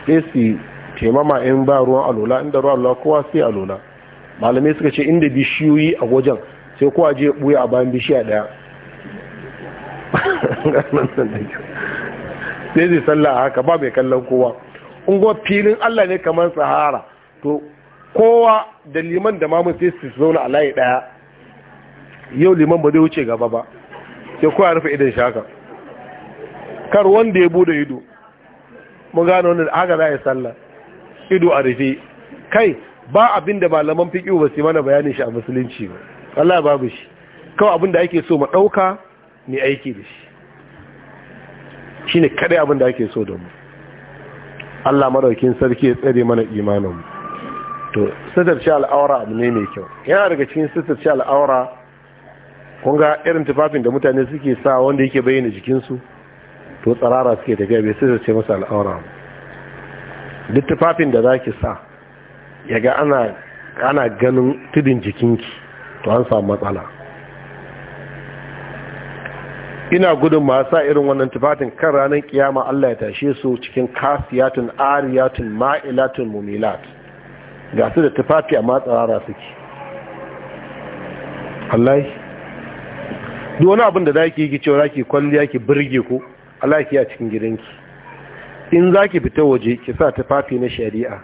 sai su taimama in ba ruwan alola inda ruwan alola kowa sai alola malamai suka ce inda bishiyoyi a wajen sai kowa je buya a bayan bishiya daya sai zai sallah a haka ba mai kallon kowa ungo filin allah ne kamar sahara to kowa da liman da mamu sai su zauna a layi daya yau liman ba zai wuce gaba ba sai kowa rufe idan shaka kar wanda ya bude ido mun gano wani haka za a yi sallah ido a rufe kai ba abin da malaman fiƙi ba su mana bayanin shi a musulunci ba Allah babu shi kawai abin da ake so mu ɗauka ne aiki da shi shi ne kaɗai abin da ake so da mu Allah maraukin sarki ya tsare mana imanin to sitarci al'aura abu ne mai kyau yana daga cikin sitarci al'aura kun ga irin tufafin da mutane suke sa wanda yake bayyana jikinsu to tsarara suke tafiya bai sai ce masa al'aura duk tufafin da zaki sa ya ga ana ana ganin tudin jikinki to an samu matsala ina gudun ma sa irin wannan tufafin kan ranar kiyama Allah ya tashe su cikin kasiyatun ariyatun ma'ilatun mumilat ga su da tufafi amma tsarara suke Allah duk wani abin da zaki yi ki cewa zaki kwalliya ki birge ku halaki a cikin gidanki in za ki fita waje ki sa tufafi na shari'a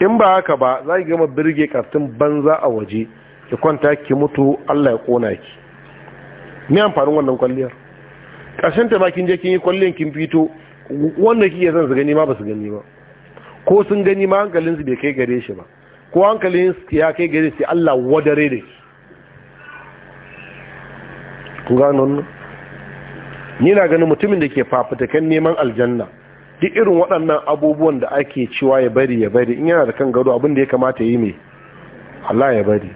in ba haka ba za ki gama birge kartin banza a waje ki kwanta ki mutu Allah ya kona ki ni amfanin wannan kwalliyar ƙarshen ta bakin je kin yi kwalliyar kin fito wanda kike zan su gani ma ba su gani ba ko sun gani ma hankalin su bai kai gare shi ba ko hankalin su ya kai gare shi Allah wadare da ki ku gano wannan ni na ganin mutumin da ke fafutukan neman aljanna duk irin waɗannan abubuwan da ake cewa ya bari ya bari in yana da kan gado abin da ya kamata yi mai Allah ya bari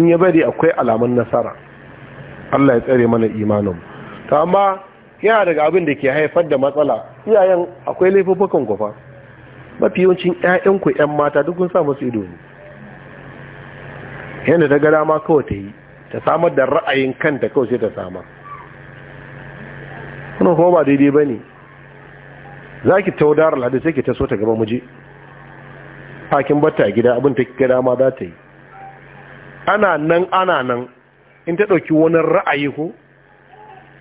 in ya bari akwai alamun nasara Allah ya tsare mana imanin ta amma yana daga abin da ke haifar da matsala iyayen akwai laifukan ku fa mafi yawancin ƴaƴanku ƴan mata duk kun sa musu ido ne yana ta gada ma kawai ta yi ta samar da ra'ayin kanta kawai sai ta samar wannan kuma ba daidai ba ne za ki taudar al'adu sai ki taso ta gaba muje hakin batta a gida abin ta gida ma za ta yi ana nan ana nan in ta ɗauki wani ra'ayi ko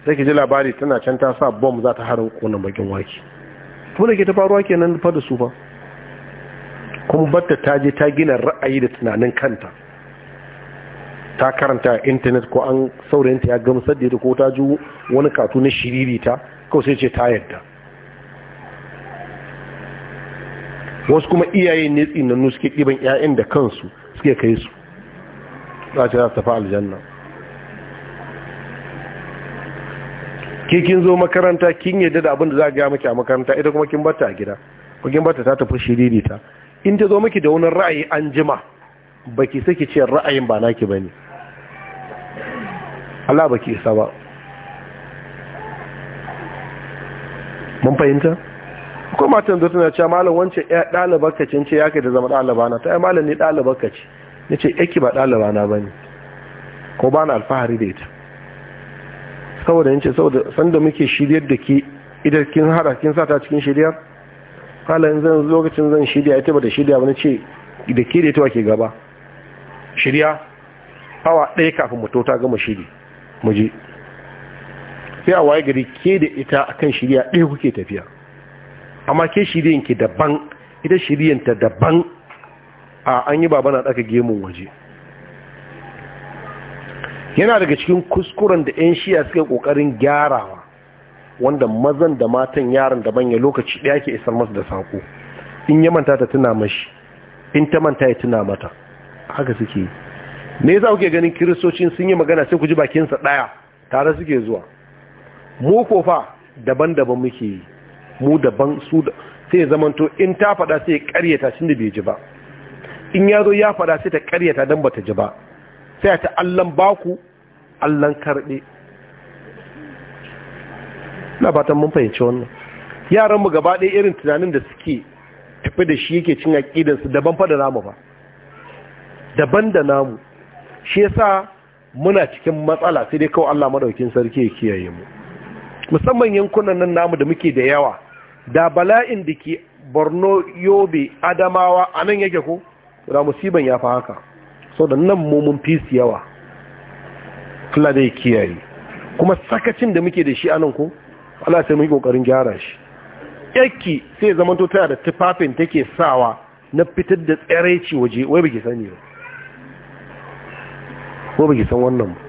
sai ki ji labari tana can ta sa bom za ta harin ƙunan bakin waki tuna ke ta faruwa kenan fa da su ba kuma batta ta je ta gina ra'ayi da tunanin kanta ta karanta a intanet ko an saurayinta ya gamsar da ko ta ji wani katu na shiririta kawai sai ce ta yadda wasu kuma iyaye ne tsinannu suke ɗiban 'ya'yan da kansu suke kai su za ce za su tafi aljanna ke kin zo makaranta kin yadda da abin da za a gaya maki a makaranta ita kuma kin bata a gida ko kin bata ta tafi shiririta in ta zo maki da wani ra'ayi an jima baki saki ce ra'ayin ba naki bane Allah ba ke isa ba mun fahimta ko matan da tana cewa malam wancan ya ɗalibar ka ce ya kai da zama ɗaliba na ta yi malam ne ɗalibar ka ce na ce yake ba ɗaliba na ba ne ko ba na alfahari da ita saboda yance saboda sanda muke shiryar da ke idan kin hada kin sa ta cikin shiryar malam zan lokacin zan shirya ita ba da shirya ba na ce da ke da ita wa ke gaba shirya awa ɗaya kafin mu ta gama shiri muje sai a waye gari ke da ita akan shirya ɗaya kuke tafiya amma ke shiryan ki daban ita shiryan ta daban a an yi baba na ɗaka gemun waje yana daga cikin kuskuren da 'yan shiya suke ƙoƙarin gyarawa wanda mazan da matan yaran da ya lokaci ɗaya ke isar masu da saƙo in ya manta ta tuna mashi in ta manta ya tuna mata haka suke yi me yasa kuke ganin kiristocin sun yi magana sai ku ji bakinsa ɗaya tare suke zuwa mu ko fa daban-daban muke yi mu daban su da sai zamanto in ta faɗa sai ya ƙaryata shi da bai ji ba in ya zo ya faɗa sai ta ƙaryata don ba ta ji ba sai ta allan baku allan karɓe na ta mun fahimci wannan yaran mu gaba ɗaya irin tunanin da suke tafi da shi yake cin aƙidansu daban fa da namu ba daban da namu shi yasa muna cikin matsala sai dai kawai Allah madaukin sarki ya kiyaye mu musamman yankunan nan namu da muke da yawa da bala'in da ke Borno Yobe Adamawa anan yake ko da musiban ya fa haka so da nan mu mun fi yawa Allah dai kiyaye kuma sakacin da muke da shi anan ko Allah sai mu yi kokarin gyara shi yakki sai zamanto tana da tufafin take sawa na fitar da tsareci waje wai baki sani ba ko baki san wannan ba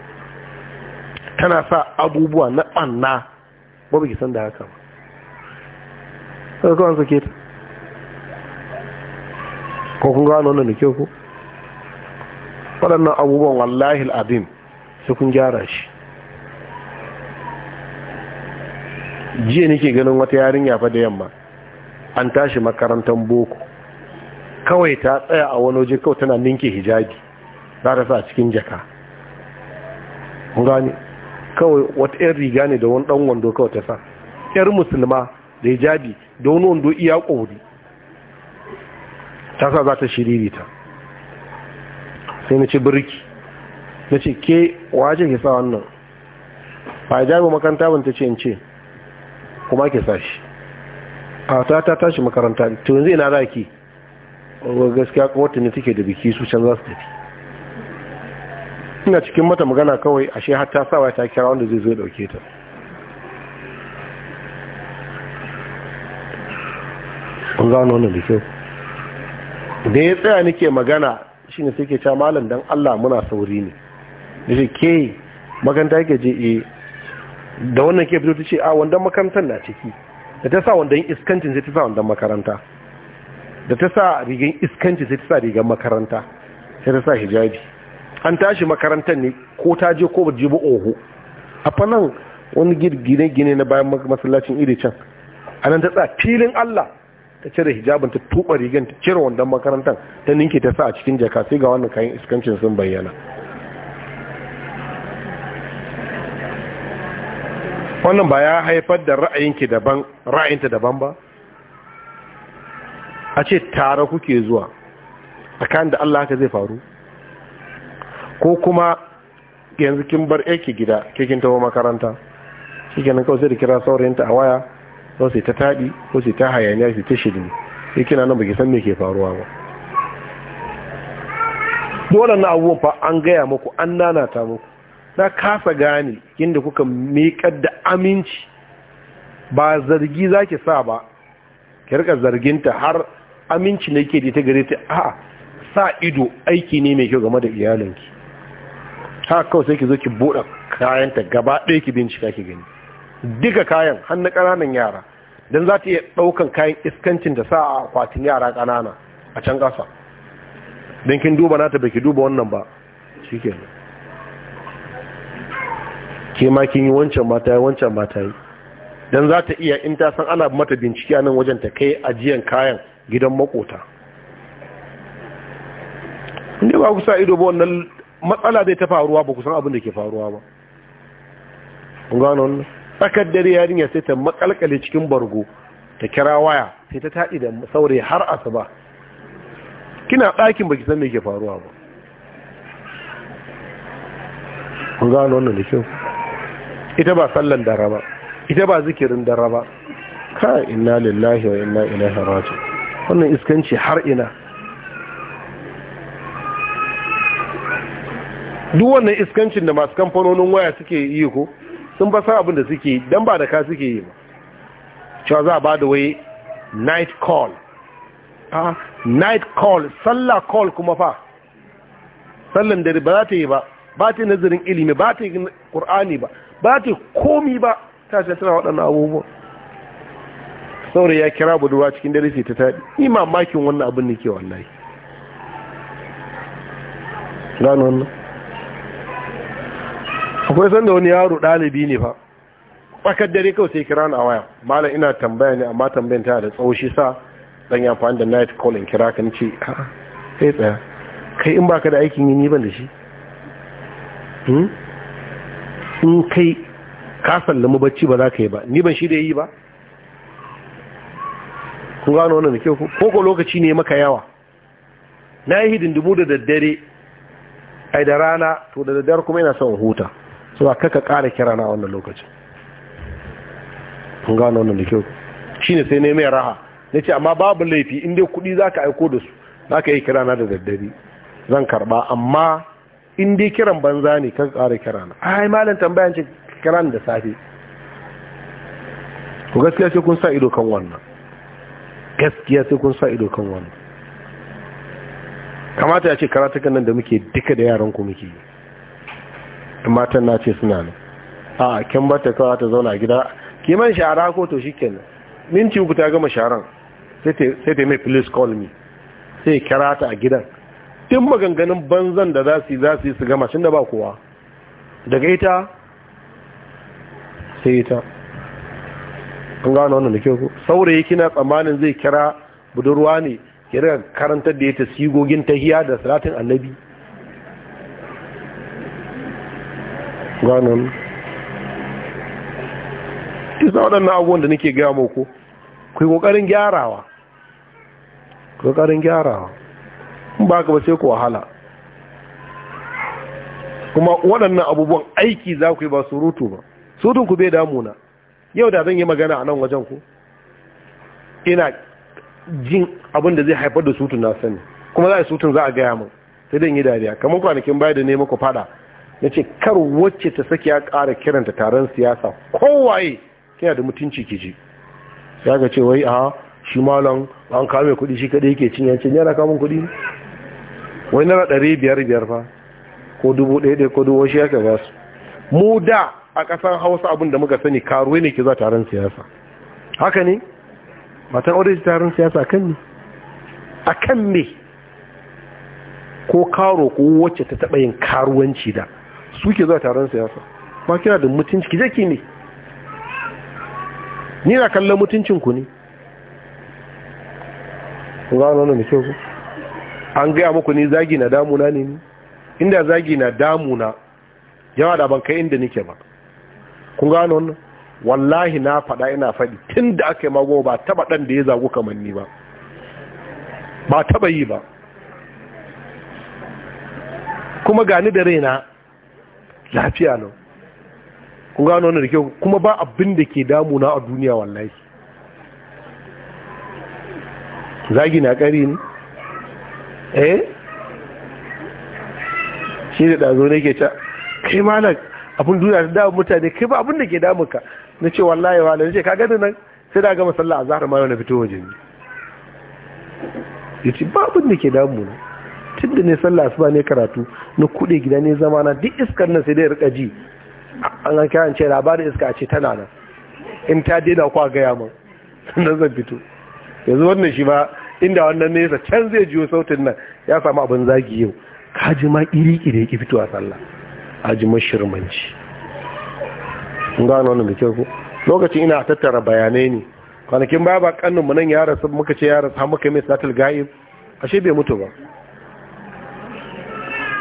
tana sa abubuwa na banna ko baki san da haka ba sai kawai sake ta ko kun gano nan da ke ko waɗannan abubuwan wallahi al'adim sai kun gyara shi jiya nake ganin wata yarinya fa da yamma an tashi makarantar boko kawai ta tsaya a wani waje kawai tana ninke hijabi za ta sa cikin jaka gane kawai wata yan riga ne da wani dan wando kawai ta sa yar musulma da hijabi da wani wando iya ƙori ta sa za ta shiriri ta sai na ce birki na ce ke wace ke sa wannan ba jami makaranta ban ta ce in ce kuma ke sa shi a ta ta tashi makaranta tunzi na raki gaskiya ki gaskiya kowatanni take da biki su can za su tafi ina cikin mata magana kawai ashe har ta sawa ta kira wanda zai zo dauke ta kun gano wannan da kyau da ya tsaya nake magana shine sai ke ta malam dan Allah muna sauri ne dace ke maganta yake je eh da wannan ke fito tace a wanda makarantar na ciki da ta sa yin iskancin sai ta sa wanda makaranta da ta sa rigin iskancin sai ta sa rigar makaranta sai ta sa hijabi an tashi makarantar ne ko ta je ko ba je ba oho a fanan wani gine-gine na bayan masallacin iri can a nan ta tsaya filin Allah ta cire hijabin ta tuba rigan ta cire wandon makarantar ta ninke ta sa a cikin jaka sai ga wannan kayan iskancin sun bayyana wannan ba ya haifar da ra'ayinki daban ra'ayinta daban ba a ce tare kuke zuwa a kan da Allah haka zai faru ko kuma yanzu kin bar yake gida kikin taho makaranta shi kenan kawai sai da kira saurayinta a waya ko sai ta taɗi ko sai ta hayaniya sai ta shirin shi kina nan baki san me ke faruwa ba dole na abubuwan fa an gaya muku an nanata muku na kasa gane da kuka miƙar da aminci ba zargi za ki sa ba ki rika zarginta har aminci na ke da ita gare ta a sa ido aiki ne mai kyau game da iyalinki Ta kawai sai ki zo ki buɗe kayanta gaba ɗaya ki bincika ki gani duka kayan har na ƙananan yara don za ta iya ɗaukan kayan iskancin da sa a akwatin yara ƙanana a can ƙasa don kin duba nata ki duba wannan ba shi ke ma kin yi wancan mata yi wancan mata yi don za ta iya in ta san ana mata bincike a nan wajen ta kai ajiyan kayan gidan makota inda ba kusa ido ba wannan matsala zai ta faruwa ba kusan abin da ke faruwa ba gano wannan tsakar dare yarinya sai ta makalkale cikin bargo ta kira waya sai ta taɗi da saurayi har asuba kina ɗakin ba san me ke faruwa ba kun gano wannan da kyau ita ba sallan dare ba ita ba zikirin dare ba ka inna lillahi wa inna ilaihi wannan iskanci har ina duk wannan iskancin da masu kamfanonin waya suke yi ko sun ba san abin da suke yi don ba da ka suke yi ba cewa za a ba da wai night call a night call sallah call kuma fa sallan dare ba za ta yi ba ba ta yi nazarin ilimi ba ta yi ƙur'ani ba ba ta yi komi ba ta ce tana waɗannan abubuwan saurayi ya kira budurwa cikin dare sai ta taɗi ni mamakin wannan abin ne ke wallahi gano wannan akwai sanda wani yaro ɗalibi ne fa tsakar dare kawai sai kira na waya malam ina tambaya ne amma tambayin ta da tsawo shi sa dan yi amfani da night call in kira kan ce a ah, kai tsaya kai in baka da aikin yi ni ban da shi hmm? in kai ka sallama bacci ba za ka yi ba ni ban shi da yi ba kun gano wannan da kyau ko lokaci ne maka yawa na yi hidindimu da daddare ai da rana to da daddare kuma yana son huta so kaka ƙara kira na wannan lokacin kun gano wannan da kyau shi ne sai ne mai raha na ce amma babu laifi inda kuɗi za ka aiko da su za ka yi kira na da daddare zan karɓa amma inda kiran banza ne kaka ƙara kira na yi malin tambayan ce kiran da safe ku gaskiya sai kun sa ido kan wannan gaskiya sai kun sa ido kan wannan kamata ya ce karatukan nan da muke duka da yaran ku muke yi matan na ce suna ne a kin bata kawai ta zauna gida kiman shara ko to shikenan minti uku ta gama sharan sai ta mai police call me sai kira ta a gidan tun maganganun banzan da za su yi za su yi su gama shi da ba kowa daga ita sai ita an gano wannan da kyau saurayi kina tsammanin zai kira budurwa ne ya da karantar da ya ta sigogin tahiya da salatin annabi ganan um. kisa waɗannan abubuwan da nake gaya muku ku yi ƙoƙarin gyarawa ƙoƙarin gyarawa in ba ka ba sai ku wahala kuma waɗannan abubuwan aiki za ku yi ba surutu ba surutun ku bai damuna yau da zan yi magana a nan wajen ku ina jin abin da zai haifar da sutun na sani kuma za a yi sutun za a gaya min sai dan yi dariya kamar kwanakin baya da ne muku fada ya ce kar wacce ta sake ya ƙara kiranta taron siyasa kowaye kina da mutunci ke ji ya ga ce wai a shi malam an kame kuɗi shi kaɗai yake cin yancin yana kamun kuɗi wai nara ɗari biyar biyar fa ko dubu ɗaya ɗaya ko dubu shi ya za su mu da a ƙasar hausa abin da muka sani karuwa ne ke za taron siyasa haka ne matan aure taron siyasa kan ne a kan ne. ko karo ko wacce ta taɓa yin karuwanci da suke zuwa taron siyasa ba kina da mutunci kije ki ne ni na kallon mutuncin ku ne gano nan da kyau ku an gaya muku ni zagi na damuna ne inda zagi na damuna yawa da ban kai inda nike ba kun gano wannan wallahi na faɗa ina faɗi tun da aka yi mago ba taɓa ɗan da ya zagu kamanni ba ba taɓa yi ba kuma gani da raina lafiya nan kun gano wani da kyau kuma ba abin da ke damuna a duniya wallahi zagi na kari ne eh shi da ɗazo ne ke ca kai na abin duniya ta damu mutane kai ba abin da ke damuka na ce wallahi wa na ce ka gani nan sai da gama sallah a zahar ma na fito waje ne ya ce ba abin da ke damu na tun da ne sallah asuba ne karatu na kuɗe gida ne zama na duk iskar nan sai dai rika ji an an kiran ce labarin iska a ce tana nan in ta daina kwa gaya man sannan zan fito yanzu wannan shi ba inda wannan nesa can zai jiyo sautin nan ya samu abin zagi yau kaji ma iri ya ki fito a sallah aji mashirmanci gano wannan da kyau lokacin ina tattara bayanai ne kwanakin baya ba kannun mu nan ya rasu muka ce ya rasu har muka mai salatul ga'ib ashe bai mutu ba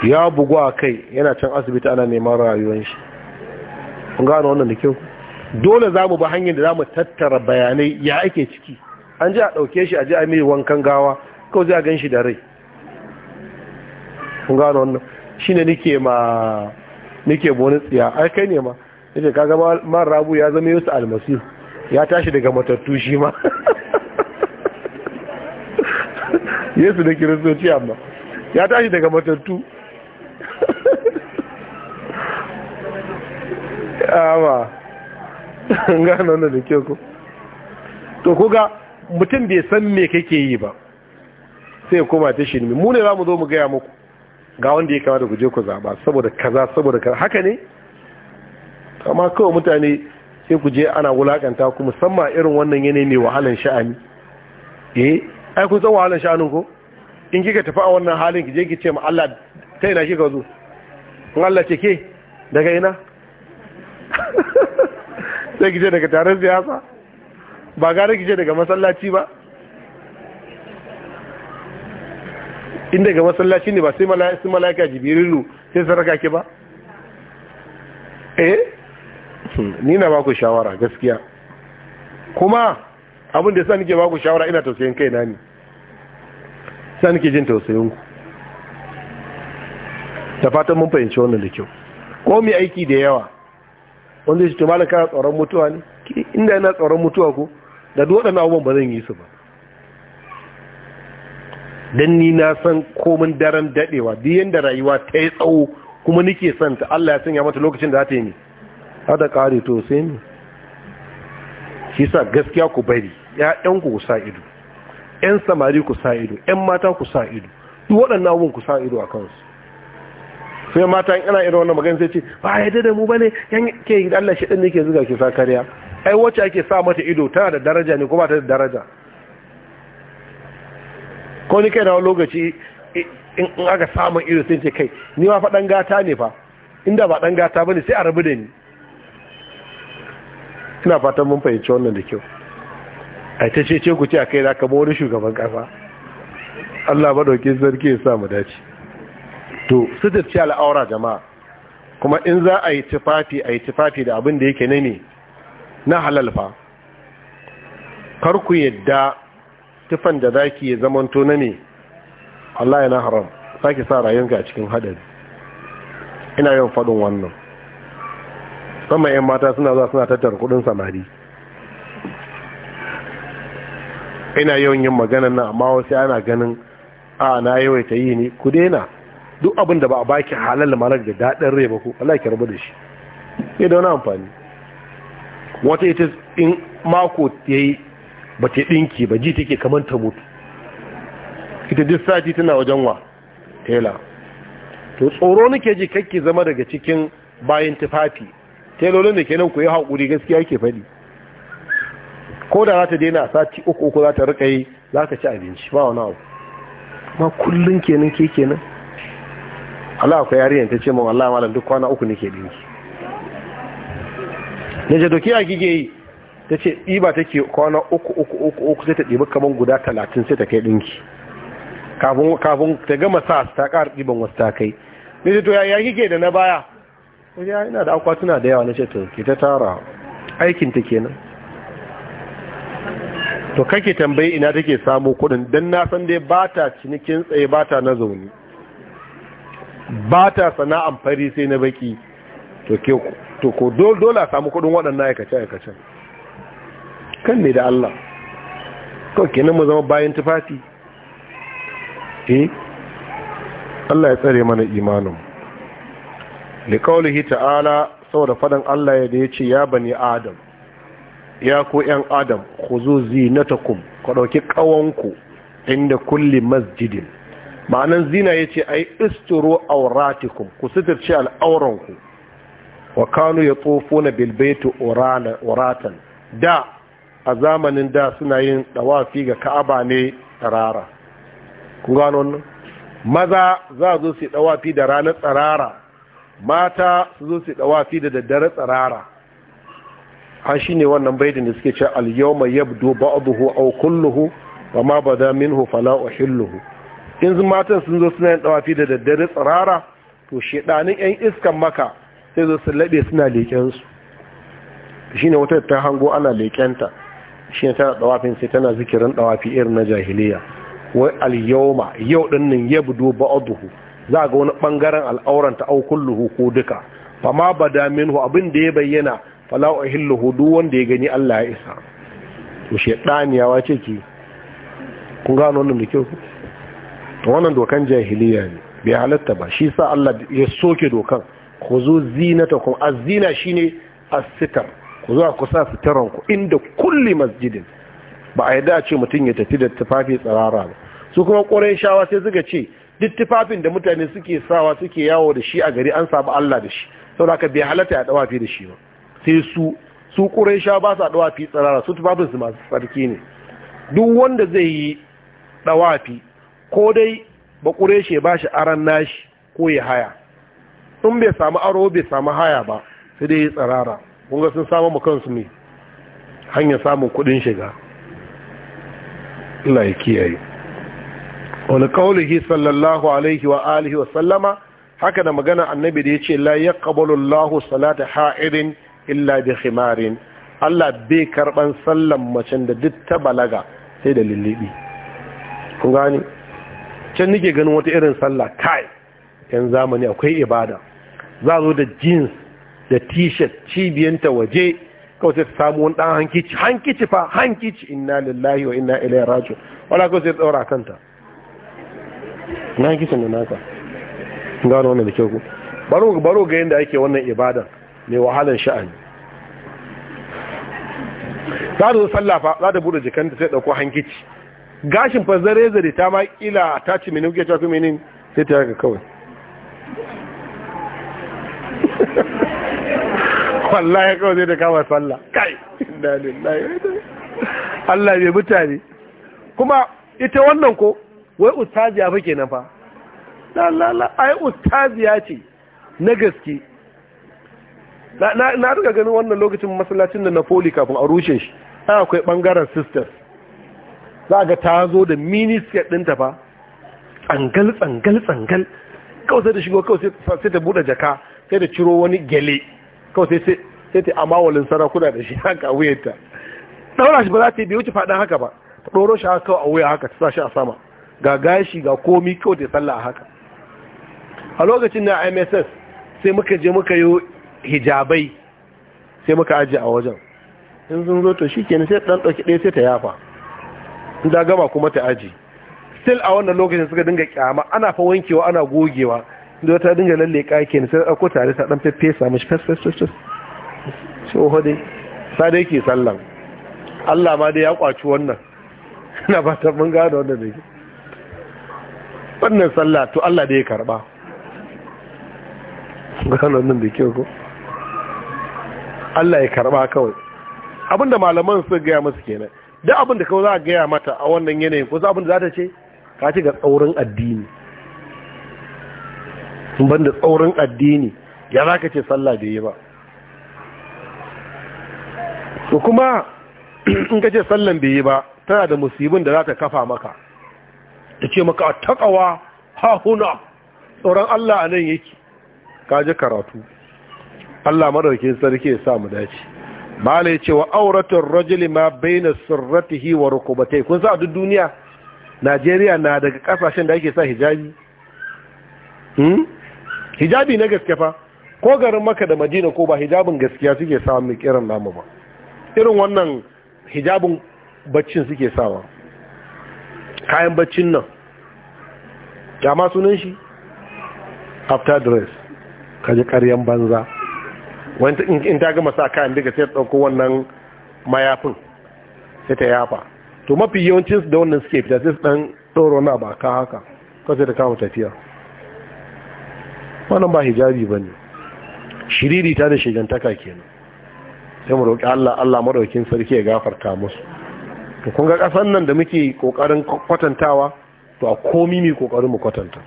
ya bugu a kai yana can asibiti ana neman rayuwar shi kun gano wannan da kyau dole za mu ba hanyar da za mu tattara bayanai ya ake ciki an ji a ɗauke shi a ji a mai wankan gawa kawai zai a gan shi da rai kun gano wannan shi ne nike ma nike bonus tsiya ai kai ne ma nike kaga man rabu ya zama yusu Almasir? ya tashi daga matattu shi ma yesu da kiristoci amma ya tashi daga matattu awa gano wannan da ke ku to kuga mutum bai san me kake yi ba sai kuma ta shi mu ne za mu zo mu gaya muku ga wanda ya kama da guje ku zaba saboda kaza saboda kaza haka ne amma kawai mutane sai ku je ana wulakanta ku musamman irin wannan yanayi mai wahalan sha'ani eh ai kun san wahalan sha'anin ko in kika tafi a wannan halin ki je ki ce ma Allah kai na shi ka zo in Allah ce ke daga ina sai ki daga taron siyasa ba gare ki daga masallaci ba in daga masallaci ne ba sai mala'ika jibirilu sai saraka ki ba eh hmm, ni na ba ku shawara gaskiya kuma abin da sa nike ba ku shawara ina tausayin kai na ne Sani ke jin tausayin ku da fatan mun fahimci wannan da kyau ko mai aiki da yawa wanda ya ce kana tsoron mutuwa ne inda yana tsoron mutuwa ko da duk waɗannan abubuwan ba zan yi su ba dan ni na san komin daren dadewa duk da rayuwa ta yi tsawo kuma nike son ta Allah ya sanya mata lokacin da za ta yi ne har da kare to sai ni shi sa gaskiya ku bari ɗan ku sa ido ƴan samari ku sa ido ƴan mata ku sa ido duk waɗannan abubuwan ku sa ido a kansu sai mata ina irin wannan magana sai ce ba ya dada mu bane yan ke Allah shi din yake zuga ke sa kariya ai wacce ake sa mata ido tana da daraja ne ko ba ta da daraja ko ni kai na lokaci in aka samun ido sai ce kai ni ma fa dan gata ne fa inda ba dan gata bane sai a rabu da ni ina fatan mun fahimci wannan da kyau ai ta ce ce ku ce kai zaka mu wani shugaban kasa Allah madaukin sarki ya sa mu dace to sudirce al'aura jama'a kuma in za a yi tufafi a yi tufafi da abin da yake ne na halal fa karku yadda tufan da zaki ya zamanto na ne Allah ya na haram ki sa rayuwanka a cikin hadari ina yawan faɗin wannan sama 'yan mata suna za suna tattara kudin samari ina yawan yin maganan na, amma wasu ana ganin a na yawaita yi ne ku daina duk abin da ba a baki halal malak da daɗin rai ba ko Allah ki rabu da shi ya da wani amfani wata ita in mako ya yi ba ta ɗinki ba ji take kamar ta mutu ita duk sati tana wajen wa tela to tsoro nake ji kakki zama daga cikin bayan tufafi telolin da kenan ku yi haƙuri gaskiya ke faɗi ko da za ta daina a sati uku uku za ta rika yi za ta ci abinci ba wani abu ma kullum kenan ke kenan Allah akwai yarinyar ta ce ma Allah malam duk kwana uku nake dinki na je doki a gige yi ta ce ta take kwana uku uku uku uku sai ta ɗibi kamar guda talatin sai ta kai dinki kafin ta gama sa ta ƙara ɗiban wasu ta kai na je to ya gige da na baya wajen ya ina da akwatuna da yawa na ce to ke ta tara aikin ta kenan to kake tambayi ina take samu kudin don na san dai ba ta cinikin tsaye ba ta na zaune ba ta sana'an fari sai na baki to ko dole a samu kudin waɗannan aikace-aikacen kan ne da Allah kawai kenan mu zama bayan tufafi eh Allah ya tsare mana imanin li qaulihi ta'ala saboda fadan Allah ya da ce ya bani adam ya ko yan adam ku zo zinatakum ku ɗauki ƙawonku inda kulli masjidin ma'anan zina ya ce ai isturo auratikum ku suturce al'auranku wa kanu ya tsofo na bilbaitu oratan da a zamanin da suna yin dawafi ga ka'aba ne tsarara ku gano nan maza za zo su dawafi da ranar tsarara mata su zo su dawafi da daddare tsarara an shine wannan baitin da suke cewa al-yawma yabdu ba'dahu aw kulluhu ba ma min minhu a uhilluhu in matan sun zo suna yin dawafi da daddare tsirara to shedanin yan iskan maka sai zo su labe suna leƙensu shi ne wata ta hango ana leƙenta shi ne tana dawafin sai tana zikirin dawafi irin na jahiliya wai alyawma yau nan ya budo ba'aduhu za ga wani ɓangaren al'auran ta luhu ko duka fama bada minhu abin da ya bayyana fala uhilluhu duk wanda ya gani Allah ya isa to shedaniya wace ki kun gano wannan da kyau to wannan dokan jahiliya ne bai halatta ba shi sa Allah ya soke dokan ku zo zinata az-zina shine as-sitar ku zo ku sa sitaran ku inda kulli masjidin ba a yadda a ce mutum ya tafi da tufafi tsirara ba su kuma ƙorai shawa sai suka ce duk tufafin da mutane suke sawa suke yawo da shi a gari an samu Allah da shi saboda haka bai halatta ya dawafi da shi ba sai su su ƙorai shawa ba sa dawafi tsirara su tufafin su masu tsarki ne duk wanda zai yi dawafi ko dai ba ƙureshe ya ba shi aran nashi ko ya haya in bai samu aro bai samu haya ba sai dai ya tsarara, kunga sun samu ma kansu ne hanyar samun kudin shiga Allah ya kiyaye wani kaulihi sallallahu alaihi wa alihi wa sallama haka da magana annabi da ya ce la ya kabalullahu salata ha'irin illa bi khimarin Allah bai karɓan sallan macen da duk ta balaga sai da lullubi kun gani can nike ganin wata irin sallah kai yan zamani akwai ibada za zo da jeans da t-shirt cibiyanta waje kawai sai ta samu wani ɗan hankici hankici fa hankici inna lillahi wa inna ilaihi raji'un wala kawai sai daura kanta na hankici da naka gano wannan da kyau ku baro baro ga yanda ake wannan ibada mai wahalan sha'ani za ta zo sallah fa za ta bude jikanta sai ɗauko hankici gashin fa zare zare ta ma kila ta ci mini kuke cewa mini sai ta ga kawai wallahi kawai zai da kama sallah kai da lillahi Allah bai mutane kuma ita wannan ko wai ustaziya fake nan fa la la la ai ustaziya ce na gaske na na ganin wannan lokacin masallacin da Napoli kafin a rushe shi akwai bangaren sisters za ga ta zo da minisiyar ɗinta ba tsangal tsangal tsangal kawai sai da shigo kawai sai ta buɗe jaka sai da ciro wani gele kawai sai sai ta amawalin sarakuna da shi haka a wuyanta ɗaura shi ba za ta yi bai wuce faɗin haka ba ta ɗoro shi haka kawai a wuya haka ta sa shi a sama ga gashi ga komi kawai ta sallah a haka a lokacin na mss sai muka je muka yi hijabai sai muka aji a wajen in sun zo to shi kenan sai ɗan ɗauki ɗaya sai ta yafa da gama kuma ta aji still a wannan lokacin suka dinga kyama ana fa wankewa ana gogewa da ta dinga lalle kake ne sai ɗauko tare ta ɗan feffesa mashi fes fes fes shi oho sa dai ke sallan Allah ma dai ya kwaci wannan Ina ba ta mun gada wannan da ke wannan sallah to Allah dai ya karba gano nan da kyau ko Allah ya karba kawai abinda malaman su gaya musu kenan da abin da kawai za a gaya mata a wannan yanayin ko za abin da za ta ce ka ci ga tsaurin addini ban da tsaurin addini ya za ka ce sallah da yi ba su kuma in ka ce sallan bai yi ba tana da musibin da za ta kafa maka ta ce maka a takawa ha huna tsoron Allah a nan yake ka ji karatu Allah madaukin sarki ya sa mu dace mala ya ce wa auratar rajuli ma baina sirratihi wa rukubatai kun sa duk duniya najeriya na daga kasashen da ake sa hijabi hmm? hijabi na gaske fa ko garin maka da madina ko ba hijabin gaskiya suke sawa mai kiran namu ba irin wannan hijabin baccin suke sawa kayan baccin nan ya ma sunan shi after dress kaji karyan banza in ta gama sa kayan daga sai ta ɗauko wannan mayafin sai ta yafa to mafi yawancin da wannan suke fita sai su dan ɗoro na ba ka haka sai ta kama tafiya wannan ba hijabi ba ne shiriri ta da shigantaka kenan sai mu roƙi Allah Allah madaukin sarki ya gafarta musu to kun ga ƙasan nan da muke ƙoƙarin kwatantawa to a komi mai ƙoƙarin mu kwatanta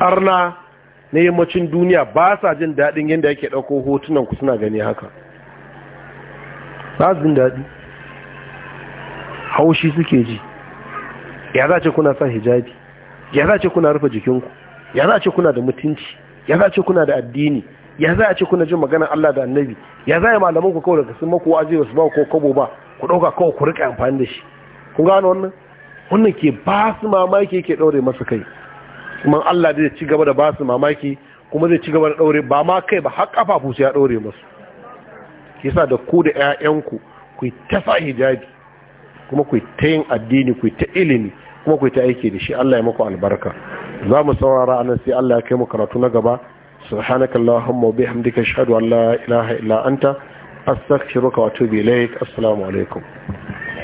arna na yammacin duniya ba sa jin daɗin yadda yake ɗauko hotunan ku suna gani haka ba su jin daɗi haushi suke ji ya za ce kuna sa hijabi ya za ce kuna rufe jikinku ya za ce kuna da mutunci ya za ce kuna da addini ya za ce kuna jin maganar Allah da annabi ya za yi malaman ku kawai da sun maku wa'azi ba ba ko kabo ba ku ɗauka kawai ku riƙa amfani da shi kun gano wannan wannan ke ba su mamaki yake ɗaure masa kai kuma Allah zai ci gaba da ba su mamaki kuma zai ci gaba da ɗaure ba ma kai ba har kafafu su ya ɗaure masu kisa da ku da 'ya'yanku ku ta sa hijabi kuma ku ta yin addini ku ta ilimi kuma ku ta aiki da shi Allah ya maku albarka za mu saurara anan sai Allah ya kai mu karatu na gaba subhanaka allahumma wa bihamdika ashhadu an la ilaha illa anta astaghfiruka wa atubu ilaik assalamu alaikum